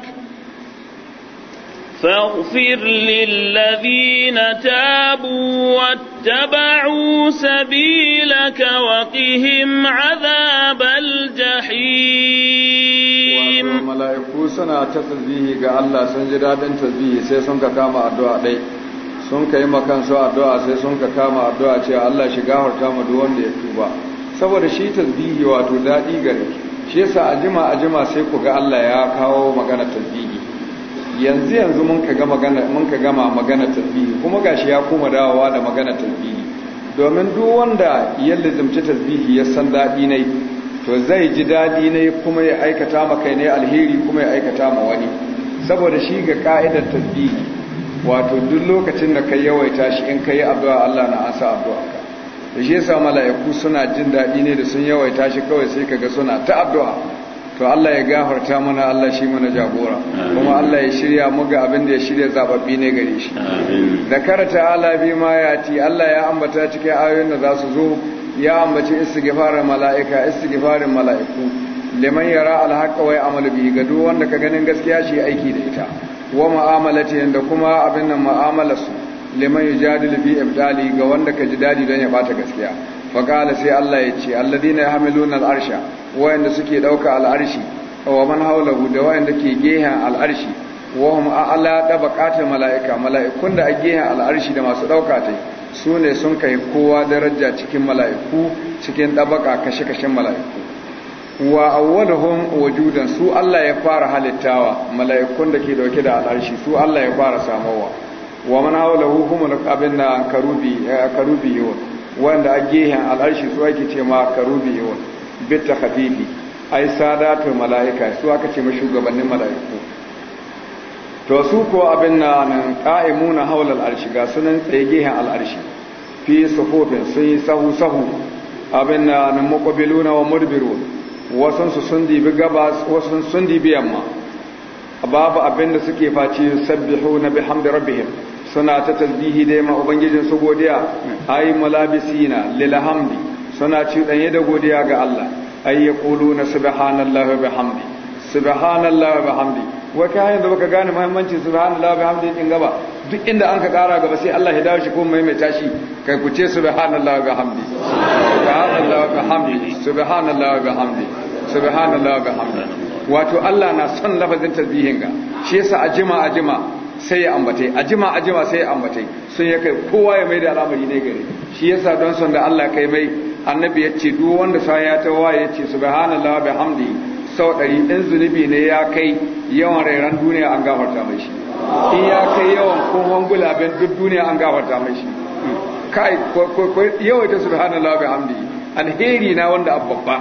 فاغفر للذين تابوا واتبعوا سبيلك وقهم عذاب الجحيم mala'iku suna ta tazihi ga Allah sun ji dadin tasbihi sai sun ka kama addu'a dai sun kai makan su addu'a sai sun ka kama addu'a cewa Allah shi gafarta mu duk wanda ya tuba saboda shi tazihi wato dadi gare shi yasa a jima sai ku ga Allah ya kawo magana tasbihi yanzu yanzu mun ka ga magana mun ka gama magana tasbihi kuma gashi ya koma dawowa da magana tasbihi domin duk wanda ya lazimci tasbihi ya san dadi ne to zai ji daɗi ne kuma ya aikata ma kai ne alheri kuma ya aikata ma wani saboda shi ga ka'idar tabbiyi wato duk lokacin da kai yawaita shi in kai addu'a Allah na asa addu'a da shi yasa mala'iku suna jin daɗi ne da sun yawaita shi kawai sai kaga suna ta addu'a to Allah ya gafarta mana Allah shi mana jagora kuma Allah ya shirya mu ga abin da ya shirya zababbi ne gare shi da karata ala bi ma yati Allah ya ambata cikin ayoyin da za su zo ya ambaci istighfarin mala'ika istighfarin mala'iku liman yara alhaqa wa ya'malu bihi ga duk wanda ka ganin gaskiya shi aiki da ita wa mu'amalati da kuma abin nan su liman yujadilu fi ibdali ga wanda ka ji dadi don ya bata gaskiya fa qala sai Allah ya ce alladina yahmiluna al'arsha wayanda suke dauka al'arshi wa man hawlahu da wayanda ke gehen al'arshi wa hum a'la da baqatil mala'ika mala'ikun da a gehen al'arshi da masu dauka tai su ne sun kai kowa daraja cikin mala'iku cikin ɗabaka kashe-kashen mala'iku wa awwaluhum wujudan su Allah ya fara halittawa mala'ikun da ke dauke da al'arshi su Allah ya fara samowa wa man hawlahu hum abin karubi karubi eh, karubi yawon wanda a gehen al'arshi su ake ce ma karubi yawon bitta khafifi ai sadatu mala'ika su aka ce ma shugabannin mala'iku to su ko abin na nan ƙa'imuna haular arshi ga sunan tsaye gehen al'arshi fi sufofin sun yi sahu-sahu abin na nan makwabiluna wa murbiru wasansu sun dibi gabas wasan sun dibi yamma babu abin da suke faci sabbihu na bihamdi rabbihim suna ta tasbihi da ma ubangijin su godiya ayi malabisina lilhamdi hamdi suna ci danye da godiya ga Allah ayi yaquluna subhanallahi wa bihamdi subhanallahi wa bihamdi wai hanyar da baka gane muhimmancin subhanallahi bihamdihi in gaba duk inda an ka kara gaba sai Allah ya dawo shi ko maimaita shi kai ku ce subhanallahi bihamdihi subhanallahi bihamdihi subhanallahi bihamdihi subhanallahi bihamdihi wato Allah na son lafazin tasbihin ga shi yasa a jima a jima sai ya ambatai a jima a jima sai ya ambatai sun ya kai kowa ya mai da al'amari ne gare shi yasa don son da Allah kai mai annabi ya ce duk wanda sa ya ta waye ya ce subhanallahi bihamdihi sau ɗari in zunubi ne ya kai yawan rairan duniya an gafarta mai shi in ya kai yawan kohon gulaben duk duniya an gafarta mai shi kai yawaita subhanallah bi hamdi alheri na wanda babba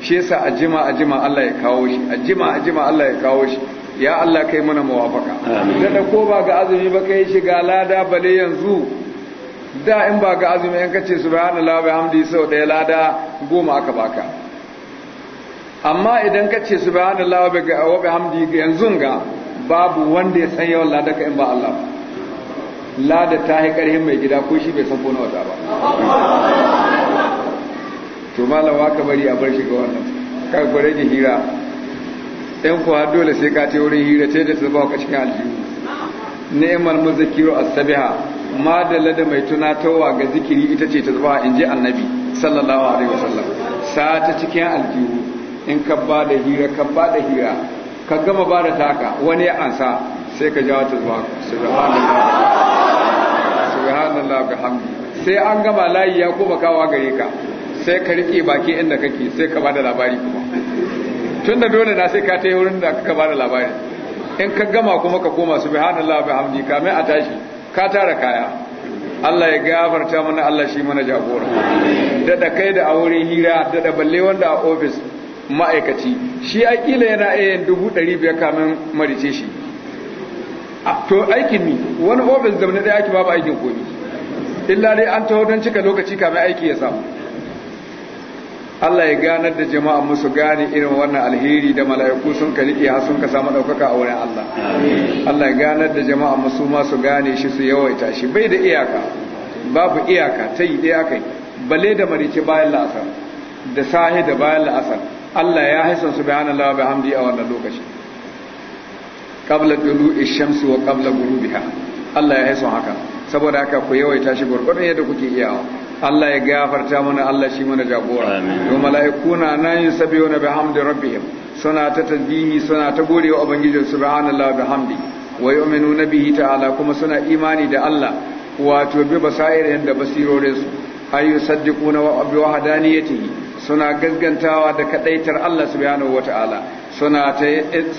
shi yasa a jima Allah ya kawo shi a jima a jima Allah ya kawo shi ya Allah kai mana mawafaka da ko ba ga azumi ba kai shiga lada ba ne yanzu da in ba ga azumi in kace subhanallah bi hamdi sau daya lada goma aka baka amma idan ka ce subhanallah wa bihamdi yanzu ga babu wanda ya san yawan ka in ba Allah lada ta yi karhin mai gida ko shi bai san kona wata ba to malawa ka bari a bar shi ga wannan ka gware ji hira ɗan kuwa dole sai ka ce wurin hira ce da ta ba ka cikin aljihu ni'mal muzakiru as-sabiha ma da mai tunatarwa ga zikiri ita ce ta in inji annabi sallallahu alaihi wasallam sa ta cikin aljihu in ka ba da hira ka ba da hira ka gama ba da taka wani ya ansa sai ka jawo ta zuwa subhanallah hamdi. sai an gama layi ya kuma kawa gare ka sai ka rike baki inda kake sai ka ba da labari kuma tun da dole na sai ka ta yi wurin da ka ba da labari in ka gama kuma ka koma subhanallah bihamdi hamdi kamin a tashi ka tara kaya Allah ya gafarta mana Allah shi mana jagora daɗa kai da a wurin hira daɗa balle wanda a ofis ma'aikaci shi kila yana iya dubu ɗari biyar kamar marice shi to aikin ni wani ofis da wani ake babu aikin komi illa dai an taho don cika lokaci kamar aiki ya samu Allah ya ganar da jama'a musu gane irin wannan alheri da mala'iku sun ka riƙe har sun ka samu ɗaukaka a wurin Allah Allah ya ganar da jama'a musu ma su gane shi su yawaita shi bai da iyaka babu iyaka ta yi ɗaya bale da marike bayan la'asar da sahi da bayan la'asar Allah ya haisa subhanallahi wa hamdi a wannan lokaci qabla tulu'i shamsi wa qabla ghurubiha Allah ya haisa haka saboda haka ku yawaita shi gurgurdan yadda kuke iyawa Allah ya gafarta mana Allah shi mana jagora to mala'ikuna nan yusabbihu bihamdi rabbihim suna ta tasbihi suna ta gorewa ubangijin subhanallahi wa bihamdi wa yu'minuna bihi ta'ala kuma suna imani da Allah wato bi basairin da basirorinsu ayu saddiquna wa bi wahdaniyatihi suna gaskantawa da kadaitar Allah subhanahu wataala suna ta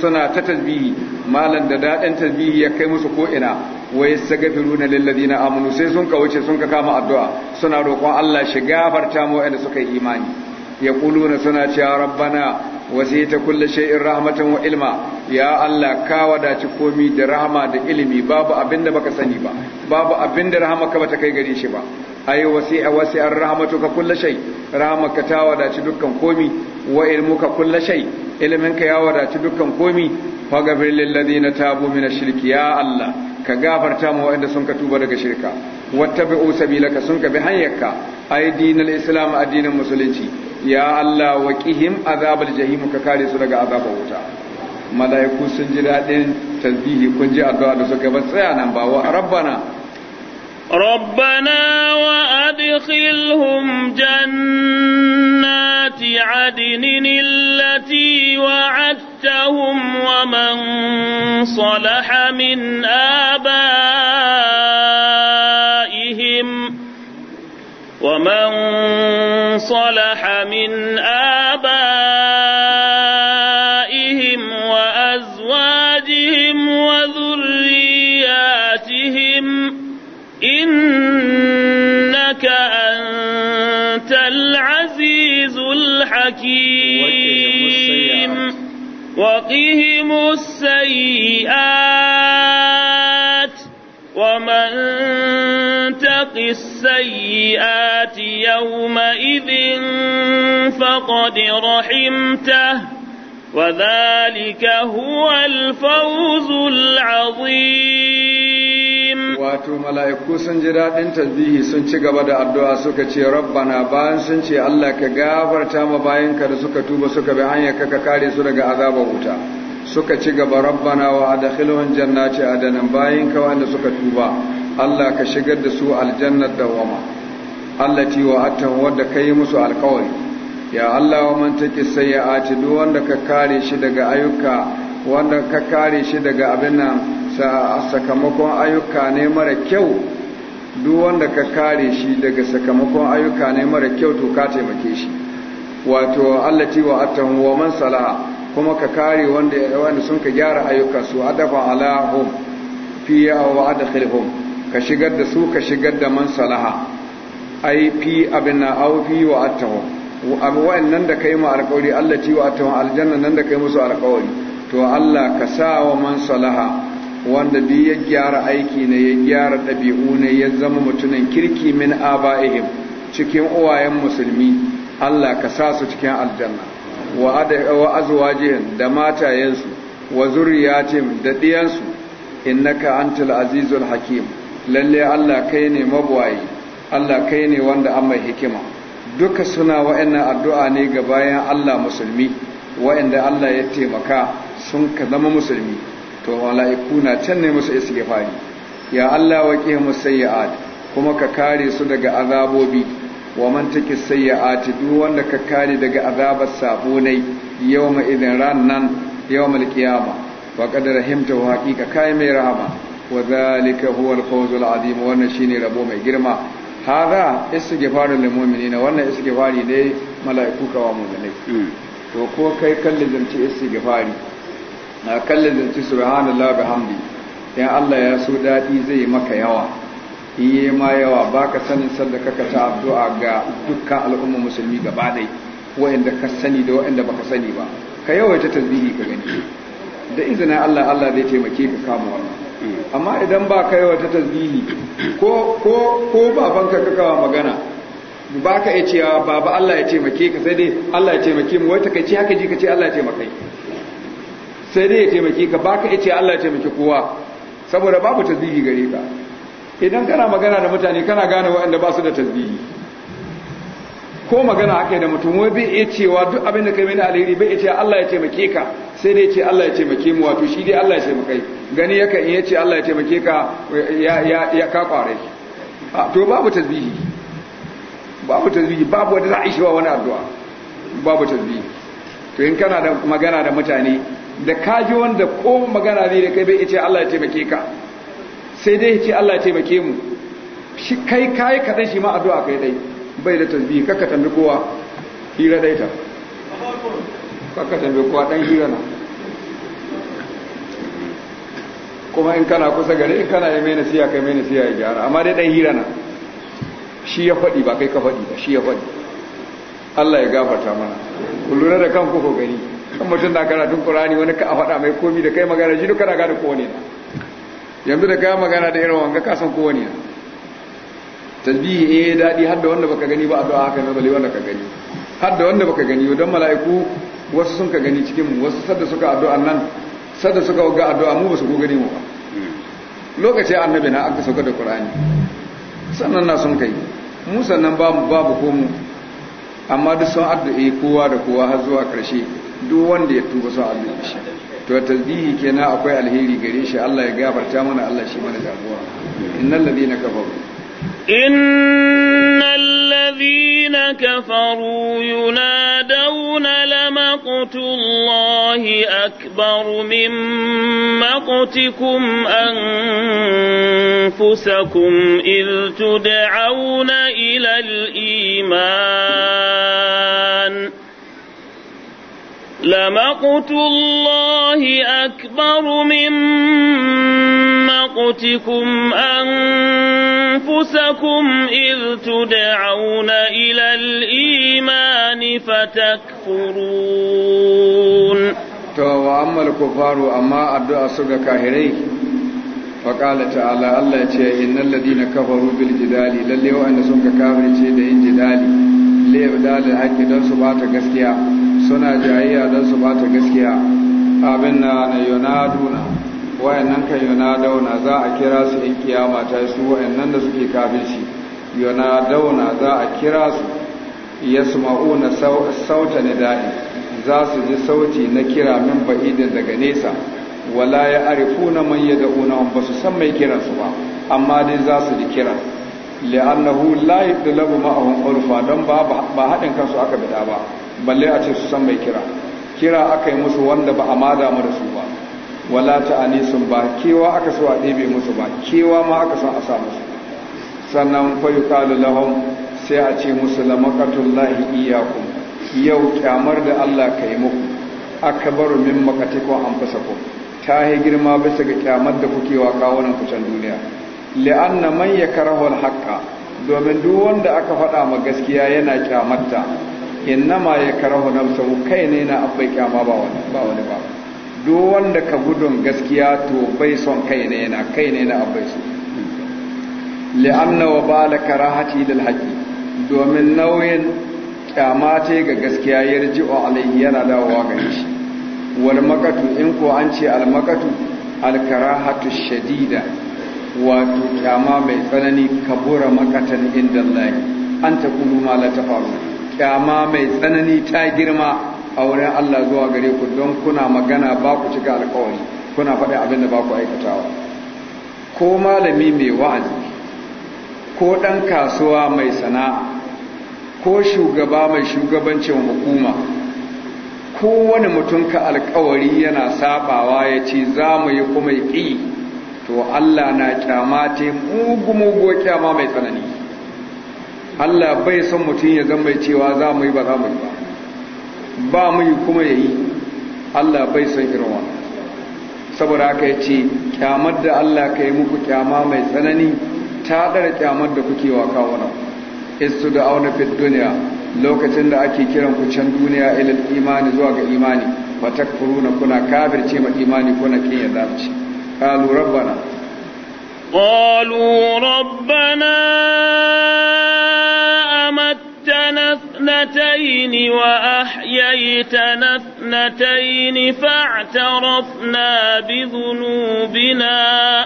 suna ta tasbihi malan da daɗin tasbihi ya kai musu ko ina wa yastaghfiruna lil ladina amanu sai sun ka wuce sun ka kama addu'a suna roƙon Allah shi gafarta mu wanda suka yi imani yaquluna suna cewa rabbana wasita kulli shay'in rahmatan wa ilma ya Allah ka wadaci komi da rahama da ilimi babu abinda baka sani ba babu abinda rahama ka bata kai gare shi ba Ayi wasi'a wasi'ar rahmatuka kullu shay rahmaka ta wadaci dukkan komi wa ilmuka kullu shay ilminka ya wadaci dukkan komi faghfir lil ladina tabu min ash-shirki ya Allah ka gafarta mu wanda sun ka tuba daga shirka wattabi'u sabilaka sun ka bi hanyarka ai dinul islam addinin musulunci ya Allah waqihim azabal jahim ka kare su daga azabar wuta mala'iku sun ji daɗin tasbihi kun ji addu'a da suka ba tsaya nan ba wa rabbana ربنا وأدخلهم جنات عدن التي وعدتهم ومن صلح من آبائهم ومن صلح من آبائهم الحكيم وقهم السيئات ومن تق السيئات يومئذ فقد رحمته وذلك هو الفوز العظيم wato mala'iku sun ji daɗin tasbihi sun ci gaba da addu'a suka ce rabbana bayan sun ce Allah ka gafarta ma bayanka da suka tuba suka bi hanyar ka kare su daga azabar wuta suka ci gaba rabbana wa adkhilhum jannati adanan bayanka wanda suka tuba Allah ka shigar da su aljannar dawama allati wa'adtahum wadda kai musu alƙawari ya Allah wa man take sayyi'ati duk wanda ka kare shi daga ayyuka wanda ka kare shi daga abin nan sakamakon ayyuka ne mara kyau duk wanda ka kare shi daga sakamakon ayyuka ne mara kyau to ka taimake shi wato ti wa atahu wa man salaha kuma ka kare wanda wanda sun ka gyara ayyuka su adafa alahum fi wa adkhilhum ka shigar da su ka shigar da man salaha ai fi abin na au fi wa atahu wa'an nan da kai mu alƙawari Allah ci wa ta aljanna nan da kai musu alƙawari to Allah ka sa wa man salaha wanda duk ya gyara aiki ne ya gyara ɗabi'u ne ya zama mutumin kirki min aba'ihim cikin uwayen musulmi Allah ka sa su cikin aljanna wa azwajihin da matayensu wa zurriyatim da ɗiyansu innaka antal azizul hakim lalle Allah kai ne mabwayi Allah kai ne wanda an mai hikima duka suna wa'annan addu'a ne ga bayan Allah musulmi wa'anda Allah ya taimaka sun ka zama musulmi to mala'iku na can ne musu fari? ya Allah wa qihim sayyi'at kuma ka kare su daga azabobi wa man taki sayyi'at duk wanda ka kare daga azabar sabo ne yawma rannan yawmal qiyama wa da rahimta wa haqiqa kai mai rahama wa zalika huwa al azim wannan shine rabo mai girma haza istighfaru lil mu'minina wannan fari ne mala'iku kawa mu'minai hmm. to ko kai kalli zance istighfari na kalli zance subhanallahi Hamdi. in Allah ya so daɗi zai maka yawa iye ma yawa baka sanin sanda kaka ta addu'a ga dukkan al'umma musulmi gaba dai wa'anda ka sani da ba baka sani ba ka yawaita tasbihi ka gani da izinin Allah Allah zai taimake ka kama wannan amma idan ba kai wata tasbihi ko ko ko babanka ka kawa magana ba ka iya cewa baba Allah ya taimake ka sai dai Allah ya taimake mu wata kai ce haka ji ka ce Allah ya taimake sai dai ya taimake ka ba ka iya cewa Allah ya taimake kowa saboda babu tasbihi gare ka idan kana magana da mutane kana gane waɗanda ba su da tasbihi ko magana haka da mutum wai bai iya cewa duk abin da kai mini alheri bai iya cewa Allah ya taimake ka sai dai ce Allah ya taimake mu wato shi dai Allah ya taimake gani yakan iya ce Allah ya taimake ka ya ya ya ka kware a to babu tasbihi babu tasbihi babu wanda za a yi shiwa wani addu'a babu tasbihi to in kana da magana da mutane da kaji wanda ko magana ne da kai bai iya ce Allah ya taimake ka sai dai ya ce Allah ya taimake mu shi kai kai kadan shi ma addu'a kai dai bai da tasbihi kakka tambi kowa hira dai ta kakka tambi kowa dan hira na kuma in kana kusa gare in kana yayin mai nasiya kai mai nasiya ya gyara amma dai dan hira na shi ya fadi ba kai ka fadi ba shi ya fadi Allah ya gafarta mana ku lura da kanku ko gani kan mutum na karatun Qur'ani wani ka faɗa mai komi da kai magana shi duka na gane kowane na yanzu da kai magana da irin wanga ka san kowane na tasbihi eh dadi hadda wanda baka gani ba addu'a haka ne bale wanda ka gani hadda wanda baka gani don mala'iku wasu sun ka gani cikin mu wasu sadda suka addu'a nan sadda suka ga addu'a mu ba su gani mu ba lokacin annabi na aka sauka da qur'ani sannan na sun kai mu sannan babu babu ko mu amma duk sun addu'a kowa da kowa har zuwa karshe duk wanda ya tuba sun addu'a shi to tasbihi kenan akwai alheri gare shi Allah ya gafarta mana Allah shi mana gafuwa innal ladina kafaru إن الذين كفروا ينادون لمقت الله أكبر من مقتكم أنفسكم إذ تدعون إلى الإيمان لمقت الله أكبر من مقتكم أنفسكم إذ تدعون إلى الإيمان فتكفرون تو أما الكفار أما أدعى سبك هريك faƙala ta'ala Allah ce innal ladina kafaru bil jidali lalle wa'anda sun ka kafirce da yin jidali la bata gaskiya suna jayayya don su bata gaskiya abin na na yonaduna wayannan kan yonadauna za a kira su in kiyama ta su wayannan da suke yona yonadauna za a kira su yasma'una sauta da'i za su ji sauti na kira min ba'idin daga nesa wala ya manya man yad'una ba su san mai kiransu ba amma dai za su ji kira li'annahu la yadlabu ma'ahum urfa don ba haɗin kansu aka bida ba balle a ce su san mai kira kira aka yi musu wanda ba a ma damu da su ba wala a nisan ba kewa aka so a ɗebe musu ba kewa ma aka so a sa musu sannan fayu kalu lahum sai a ce musu lamakatun lahi iyaku yau kyamar da Allah ka yi muku aka baro min makatikon an fasa ku ta yi girma bisa ga kyamar da kuke wa kawunan kucan duniya li'anna na manya karahul haƙƙa. domin duk wanda aka faɗa ma gaskiya yana kyamarta innama ya karahu nafsahu kai ne na abai kyama ba wani ba wani ba duk wanda ka gudun gaskiya to bai son kai ne na kai ne na abai su li'anna wa bala karahati lil haqi domin nauyin kyama ce ga gaskiya yarji'u alayhi yana dawowa gare shi wal maqatu in ko an ce al maqatu al karahatu shadida wato kyama mai tsanani kabura makatan inda Allah an ta kulu ma la tafaru kyama mai tsanani ta girma a wurin Allah zuwa gare ku don kuna magana ba ku cika alkawari kuna faɗi abin da ba ku aikatawa ko malami mai wa'azi ko ɗan kasuwa mai sana'a ko shugaba mai shugabancin hukuma kowane mutum ka alkawari yana sabawa ya ce za mu yi kuma ƙi to Allah na kyama te mugu-mugu kyama mai tsanani Allah bai son mutum ya zama mai cewa za mu yi ba za mu yi ba ba mu yi kuma ya yi Allah bai son irin saboda haka ya ce kyamar da Allah ka yi muku kyama mai tsanani ta ɗara kyamar da kuke wa kawunan istu da auna fit duniya lokacin da ake kiran ku can duniya ilil imani zuwa ga imani na kuna kafirce ma imani kuna kiyar yarda ce lura bana. قالوا ربنا أمتنا اثنتين وأحييتنا اثنتين فاعترفنا بذنوبنا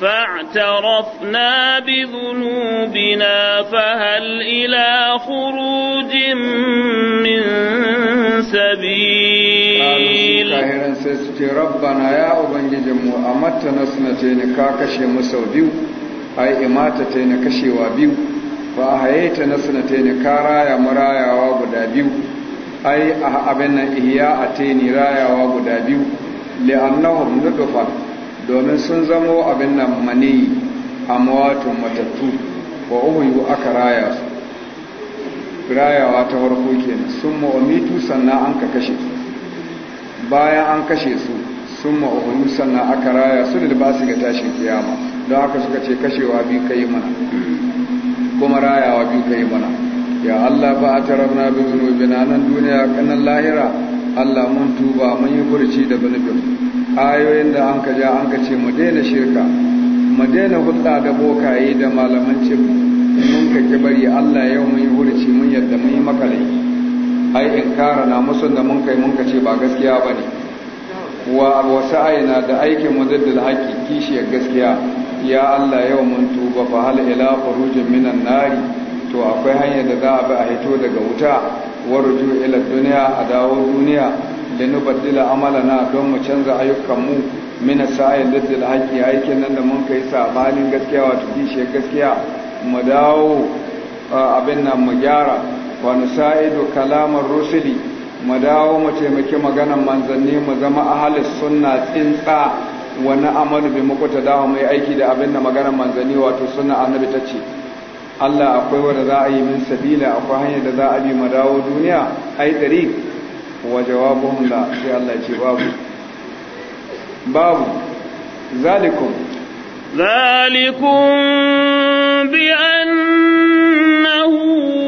فاعترفنا بذنوبنا فهل إلى خروج من سبيل العالمين كاهران سيسكي ربنا يا أبنجي مو أمت نسنتين كاكشي مسوديو أي إماتتين كشي وابيو فأهيت نسنتين كارايا مرايا وابدابيو أي أبنى إهياءتين رايا وابدابيو لأنهم ندفع domin sun zamo abin nan mani a mawatun matattu wa uhuyu aka raya su rayawa ta farko kenan sun ma'amitu sannan an ka kashe su bayan an kashe su sun ma'uhuru sannan aka raya su da ba su ga tashin kiyama don haka suka ce kashewa biyu ka yi mana kuma rayawa biyu ka yi mana ya Allah ba a tarar na bi zunubina nan duniya kanan lahira Allah mun tuba mun yi burci da zunubin ayoyin da an kaja an kace mu daina shirka mu daina hulɗa da bokaye da malamancin, mun kake bari Allah yau mun yi burci mun yadda mun yi makalai ai inkara na musun da mun kai mun kace ba gaskiya bane wa wasa'ina da aikin mu da kishi kishiyar gaskiya ya Allah yau mun tuba fa hal ila khurujin minan nari to akwai hanyar da za a bi a hito daga wuta wa ruju ila duniya a dawo duniya linubaddila amalana don mu canza ayyukanmu mu sa'in da dil haƙi aikin nan da mun kai sabanin gaskiya wato kishiyar gaskiya mu dawo abin nan mu gyara wa nusaidu kalamar rusuli mu dawo mu taimaki maganar manzanni mu zama ahalis sunna tsintsa wa na'amalu bi mukuta dawo mai aiki da abin da magana manzanni wato sunna annabi ta ce Allah akwai wanda za a yi min sabila akwai hanyar da za a bi mu dawo duniya ai dari wa jawabun la sai Allah ya ce babu babu zalikum zalikum bi annahu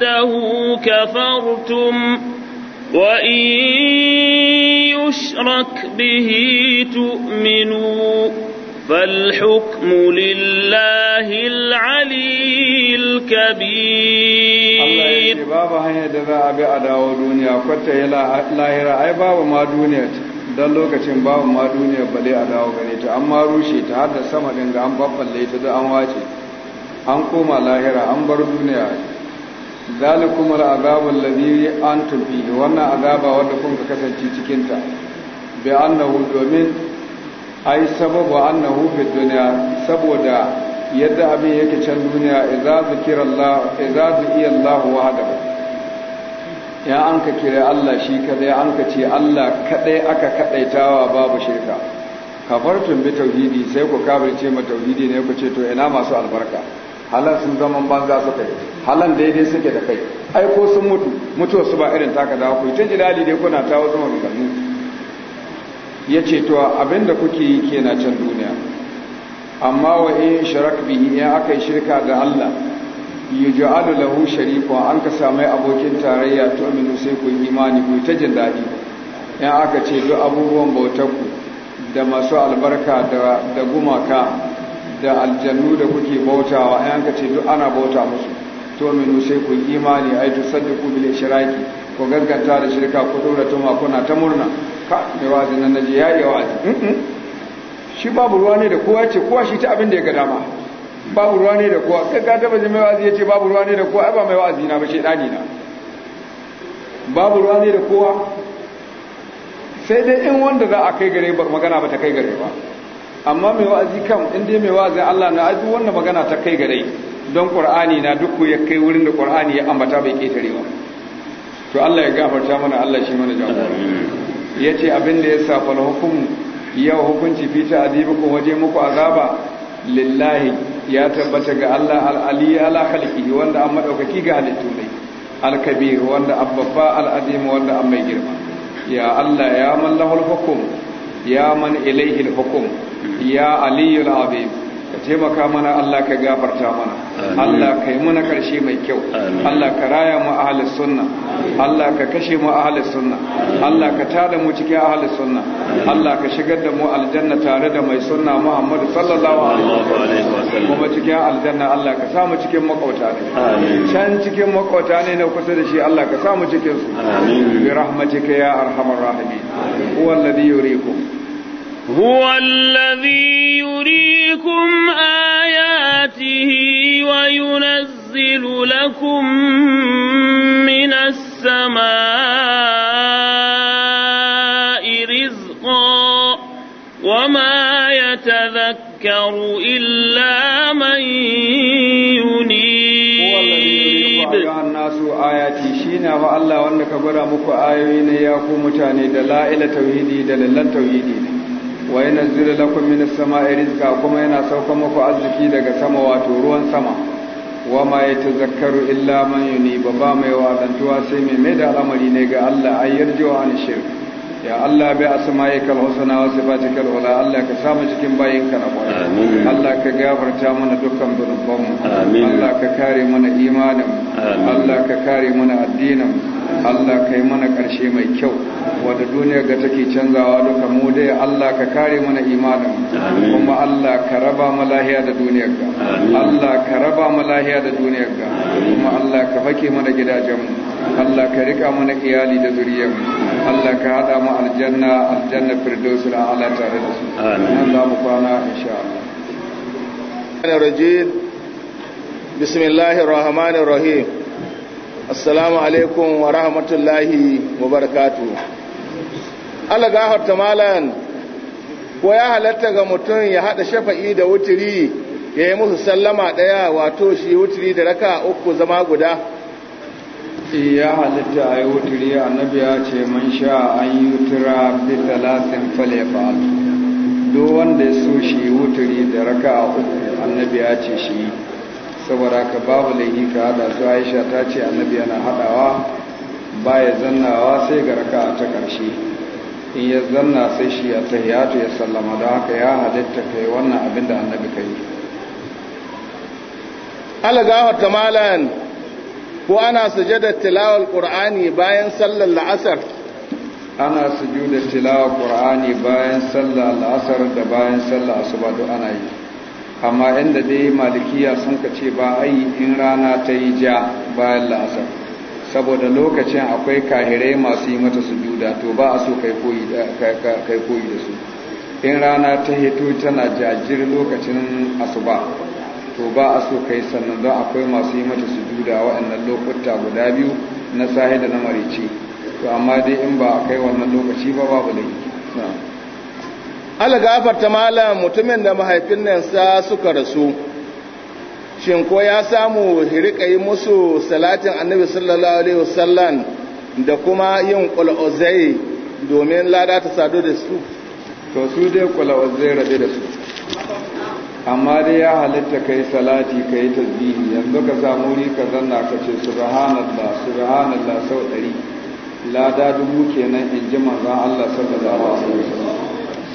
بعده كفرتم وإن يشرك به تؤمنوا فالحكم لله العلي الكبير الله a bi هنا دزا أبي أداو دنيا كنت إلى لاهرة أي بابا ما دنيا dan lokacin babu ma duniya bale a dawo gare ta an ma rushe ta har da sama ga an babballe ta da an wace an koma lahira an bar duniya zalikum azabar ladhi antum fihi wannan azaba wanda kun ka kasance cikin ta bi annahu domin ai sababu annahu fi dunya saboda yadda abin yake can duniya idza zikira Allah idza zikira Allah ya an ka kira Allah shi kadai an ka ce Allah kadai aka kadaitawa babu shirka kafartun bi tauhidi sai ku kafirce ma tauhidi ne ku ce to ina masu albarka halan sun zama banza suka yi halan daidai suke da kai ai ko sun mutu Mutuwa su ba irin taka da ku ta jilali dai kuna ta wasu maganganu ya ce to abinda kuke yi kenan can duniya amma wa in sharak bi ya aka yi shirka ga Allah yuj'alu lahu shariku an ka samu abokin tarayya to aminu sai ku imani ku ta jin dadi ya aka ce duk abubuwan bautar ku da masu albarka da gumaka da aljannu da kuke bautawa ayan ka ce duk ana bauta musu to minu sai ku imani ai to ku bil shiraki ku gaggata da shirka ku dora ma kuna ta murna ka me wazi nan naje ya yi wazi shi babu ruwa ne da kowa ce kowa shi ta abin da ya ga dama babu ruwa ne da kowa kaga ta baje mai wazi yace babu ruwa ne da kowa ai ba mai wazi na ba shi dani na babu ruwa ne da kowa sai dai in wanda za a kai gare magana ba ta kai gare ba amma mai wa'azi kan in dai mai wa'azi Allah na aji wannan magana ta kai gare don Qur'ani na duk ya kai wurin da Qur'ani ya ambata bai ƙetare ba to Allah ya gafarta mana Allah shi mana jagora yace abin da ya safa hukum yau hukunci fi ko waje muku azaba lillahi ya tabbata ga Allah al ala wanda an madaukaki ga halittu ne al-kabir wanda abbafa al-adim wanda an mai girma ya Allah ya man lahul hukum ya man ilayhi hukum ya aliyu azim ka taimaka mana Allah ka gafarta mana Allah ka yi mana karshe mai kyau Allah ka raya mu ahlus sunna Allah ka kashe mu ahlus sunna Allah ka tada mu cikin ahlus sunna Allah ka shigar da mu aljanna tare da mai sunna Muhammad sallallahu alaihi wasallam kuma cikin aljanna Allah ka samu cikin makauta ne can cikin makauta ne na kusa da shi Allah ka samu cikin su bi rahmatika ya arhamar rahimin huwa alladhi yuriikum هو الذي يريكم آياته وينزل لكم من السماء رزقا وما يتذكر إلا من ينيب هو الذي يريكم الناس آياته شينا والله وأنك برا مكو آيوين يقوم مجاني دلائل توحيدي دلالة توحيدي wa yanzilu lakum minas a rizqa kuma yana sauka maku arziki daga sama wato ruwan sama wa ma ya Zakaru illa man yunib ba mai wa'azantuwa sai mai mai da al'amari ne ga Allah ayyarjiwa an shirka ya Allah bai asma'ikal husna wa sifatikal ula Allah ka samu cikin bayinka na kwarai Allah ka gafarta mana dukkan zunuban mu Allah ka kare mana imanin Allah ka kare mana addinin Allah kai mana karshe mai kyau wanda duniya ga take canzawa duka mu dai Allah ka kare mana imanin kuma Allah ka raba mu lahiya da duniyar ka. Allah ka raba mu lahiya da duniyar ka. kuma Allah ka fake mana gidajen mu Allah ka rika mana iyali da zuriyar mu Allah ka haɗa mu aljanna aljanna firdausul a'la tare da su amin za mu kwana insha Allah rajim bismillahir rahmanir rahim assalamu alaikum wa rahmatullahi wa barakatuh Allah gafarta malan ko ya halatta ga mutum ya hada shafa'i da wuturi ya yi musu sallama daya wato shi wuturi da raka uku zama guda ya halitta a yi wuturi annabi ya ce man sha an yi wutura bi talatin ba duk wanda ya so shi wuturi da raka a uku annabi ya ce shi saboda ka babu laifi ka hada su aisha ta ce annabi yana hadawa ba baya zannawa sai ga raka ta karshe in ya zanna sai shi ya tahiyatu ya sallama don haka ya halitta ka yi wannan abin da annabi ka yi malayan. ko ana sujada tilawar qur'ani bayan sallar la'asar ana sujuda tilawar qur'ani bayan sallar la'asar da bayan sallar asuba duk ana yi amma inda dai malikiya sun ka ce ba ai in rana ta yi ja bayan la'asar saboda lokacin akwai kahirai masu yi mata sujuda to ba a so kai koyi da su in rana ta hito tana jajir lokacin asuba to ba a so kai sannan don akwai masu yi mata duda waɗannan lokuta guda biyu na sahi da na marice to amma dai in ba a kai wannan lokaci ba babu da ala ta malam mutumin da mahaifin nan sa suka rasu shin ko ya samu hirika yi musu salatin annabi sallallahu alaihi wasallam da kuma yin qul'uzai domin lada ta sadu da su to su dai qul'uzai rabe da su amma dai ya halitta kai salati ka yi tasbihi yanzu ka samu wuri ka zanna ka ce subhanallah subhanallah sau ɗari lada dubu kenan in ji manzon Allah sallallahu alaihi wasallam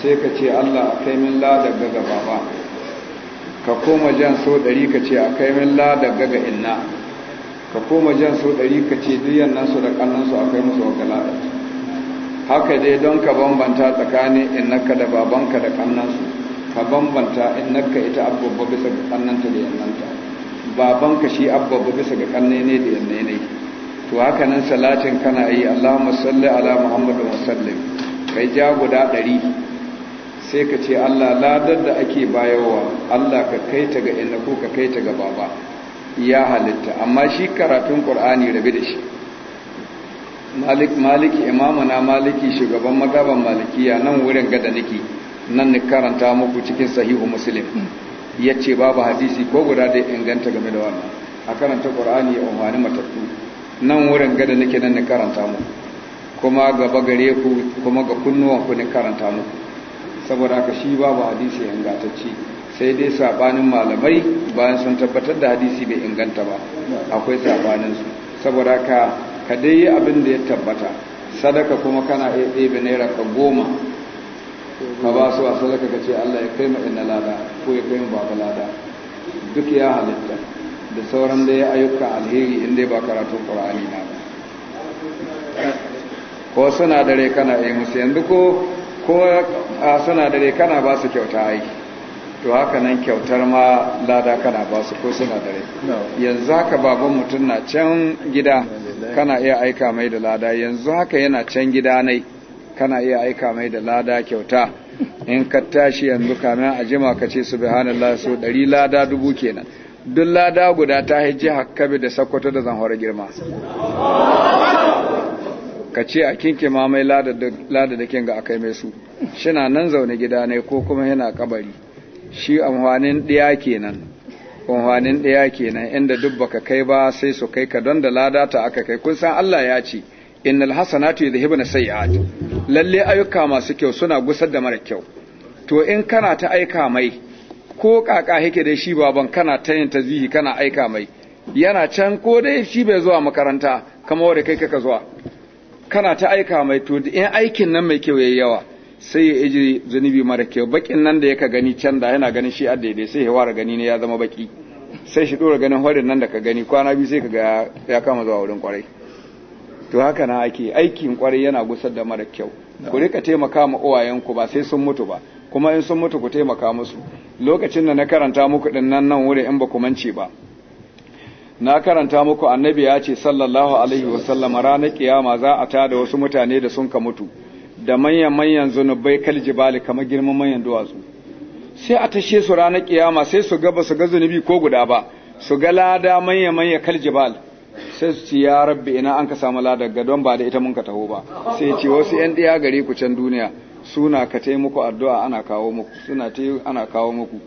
sai ka ce Allah a kai min lada gaga baba ka koma jan sau ɗari ka ce a kai min lada gaga inna ka koma jan sau ɗari ka ce duyan nan su da kannan su a kai musu wakala haka dai don ka bambanta tsakanin innaka da babanka da kannan su ka bambanta in nakka ita abubuwa bisa ga kannanta da yannanta babanka shi abubuwa bisa ga kanne ne da yanne ne to haka nan salatin kana yi allahumma salli ala muhammadin wasallim kai ja guda ɗari sai ka ce allah ladar da ake bayarwa allah ka kai ta ga inna ko ka kai ta ga baba ya halitta amma shi karatun ƙur'ani rabi da shi malik maliki imamuna maliki shugaban magaban malikiya nan wurin gada nake nan ni karanta muku cikin sahihu muslim hmm. ya ce babu hadisi ko guda da inganta game da wannan a karanta ƙorani ya umarni matattu nan wurin gada nake nan ni karanta muku kuma gaba gare ku kuma ga kunnuwanku ni karanta muku saboda haka shi babu hadisi ingantacci sai dai sabanin malamai bayan sun tabbatar da hadisi bai inganta ba akwai sabaninsu saboda ka ka dai abin da ya tabbata sadaka kuma kana iya ɗebe naira ka goma ka ba su a sadaka ka ce Allah ya kai ina lada ko ya kai ma lada duk ya halitta da sauran da ya ayyuka alheri in dai ba karatu qur'ani na ba ko suna dare kana yi musu yanzu ko ko a suna dare kana ba su kyauta aiki to haka nan kyautar ma lada kana ba su ko suna dare yanzu haka baban mutum na can gida kana iya aika mai da lada yanzu haka yana can gida nai kana iya aika mai da lada kyauta in ka tashi yanzu kamar a jima ka ce subhanallah so ɗari lada dubu kenan duk lada guda ta hijji hakkabi da sakwato da zanhora girma ka ce a kinke ma mai lada da kinga akai mai su shina nan zaune gida ne ko kuma yana kabari shi amfanin ɗaya kenan amfanin ɗaya kenan inda duk baka kai ba sai su kai ka don da lada ta aka kai kun san Allah ya ce innal hasanatu yadhhibuna sayi'at lalle ayyuka masu kyau suna gusar da mara kyau to in kana ta aika mai ko kaka yake da shi baban kana ta yin tazihi kana aika mai yana can ko dai shi bai zuwa makaranta kamar wanda kai kaka zuwa kana ta aika mai to in aikin nan mai kyau yayi yawa sai ya iji zunubi mara kyau bakin nan da yake gani can da yana ganin shi a daidai sai ya ware gani ne ya zama baki sai shi dora ganin horin nan da ka gani kwana biyu sai ka ga ya kama zuwa wurin kwarai to haka na ake aikin kwarai yana gusar da mara kyau ku rika taimaka ma uwayenku ba sai sun mutu ba kuma in sun mutu ku taimaka musu lokacin da na karanta muku din nan nan wuri in ba ku mance ba na karanta muku annabi ya ce sallallahu alaihi sallam ranar kiyama za a tada wasu mutane da sun ka mutu da manyan manyan zunubai kal jibali kamar girman manyan duwatsu sai a tashe su ranar kiyama sai su ga ba su ga zunubi ko guda ba su ga lada manyan manyan kal sai su ci ya rabbi ina an ka samu ladar don ba da ita mun ka taho ba sai ce wasu yan ɗaya gare ku can duniya suna ka taimako addu'a ana kawo muku ana kawo muku